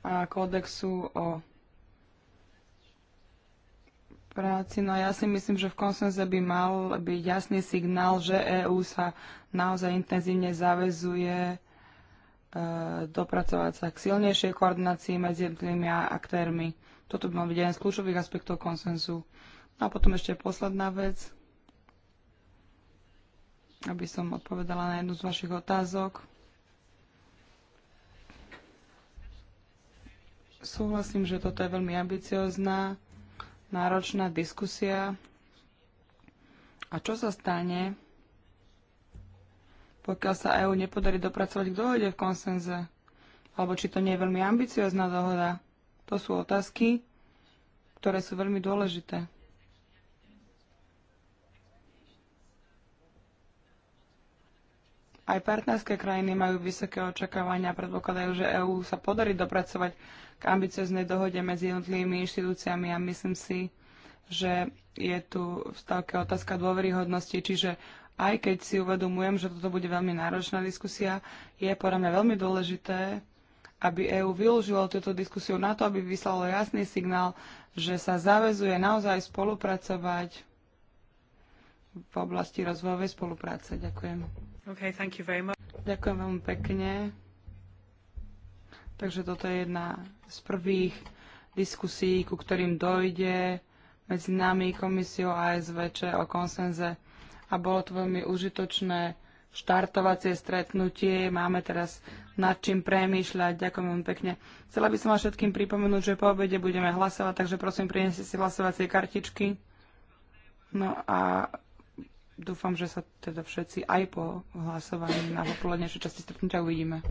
a kódexu o práci. No ja si myslím, že v konsenze by mal byť jasný signál, že EÚ sa naozaj intenzívne zavezuje e, dopracovať sa k silnejšej koordinácii medzi jednotlivými aktérmi. Toto by mal byť jeden z kľúčových aspektov konsenzu. No a potom ešte posledná vec aby som odpovedala na jednu z vašich otázok. Súhlasím, že toto je veľmi ambiciozná, náročná diskusia. A čo sa stane, pokiaľ sa EÚ nepodarí dopracovať k dohode v konsenze? Alebo či to nie je veľmi ambiciozná dohoda? To sú otázky, ktoré sú veľmi dôležité. Aj partnerské krajiny majú vysoké očakávania a predpokladajú, že EÚ sa podarí dopracovať k ambicioznej dohode medzi jednotlivými inštitúciami a myslím si, že je tu v stavke otázka dôveryhodnosti, čiže aj keď si uvedomujem, že toto bude veľmi náročná diskusia, je podľa mňa veľmi dôležité, aby EÚ využilo túto diskusiu na to, aby vyslalo jasný signál, že sa zavezuje naozaj spolupracovať v oblasti rozvojovej spolupráce. Ďakujem. Okay, thank you very much. Ďakujem veľmi pekne. Takže toto je jedna z prvých diskusí, ku ktorým dojde medzi nami, komisiou a o konsenze. A bolo to veľmi užitočné štartovacie stretnutie. Máme teraz nad čím premýšľať. Ďakujem veľmi pekne. Chcela by som vám všetkým pripomenúť, že po obede budeme hlasovať, takže prosím, prineste si hlasovacie kartičky. No a dúfam, že sa teda všetci aj po hlasovaní na popoludnejšej časti stretnutia uvidíme.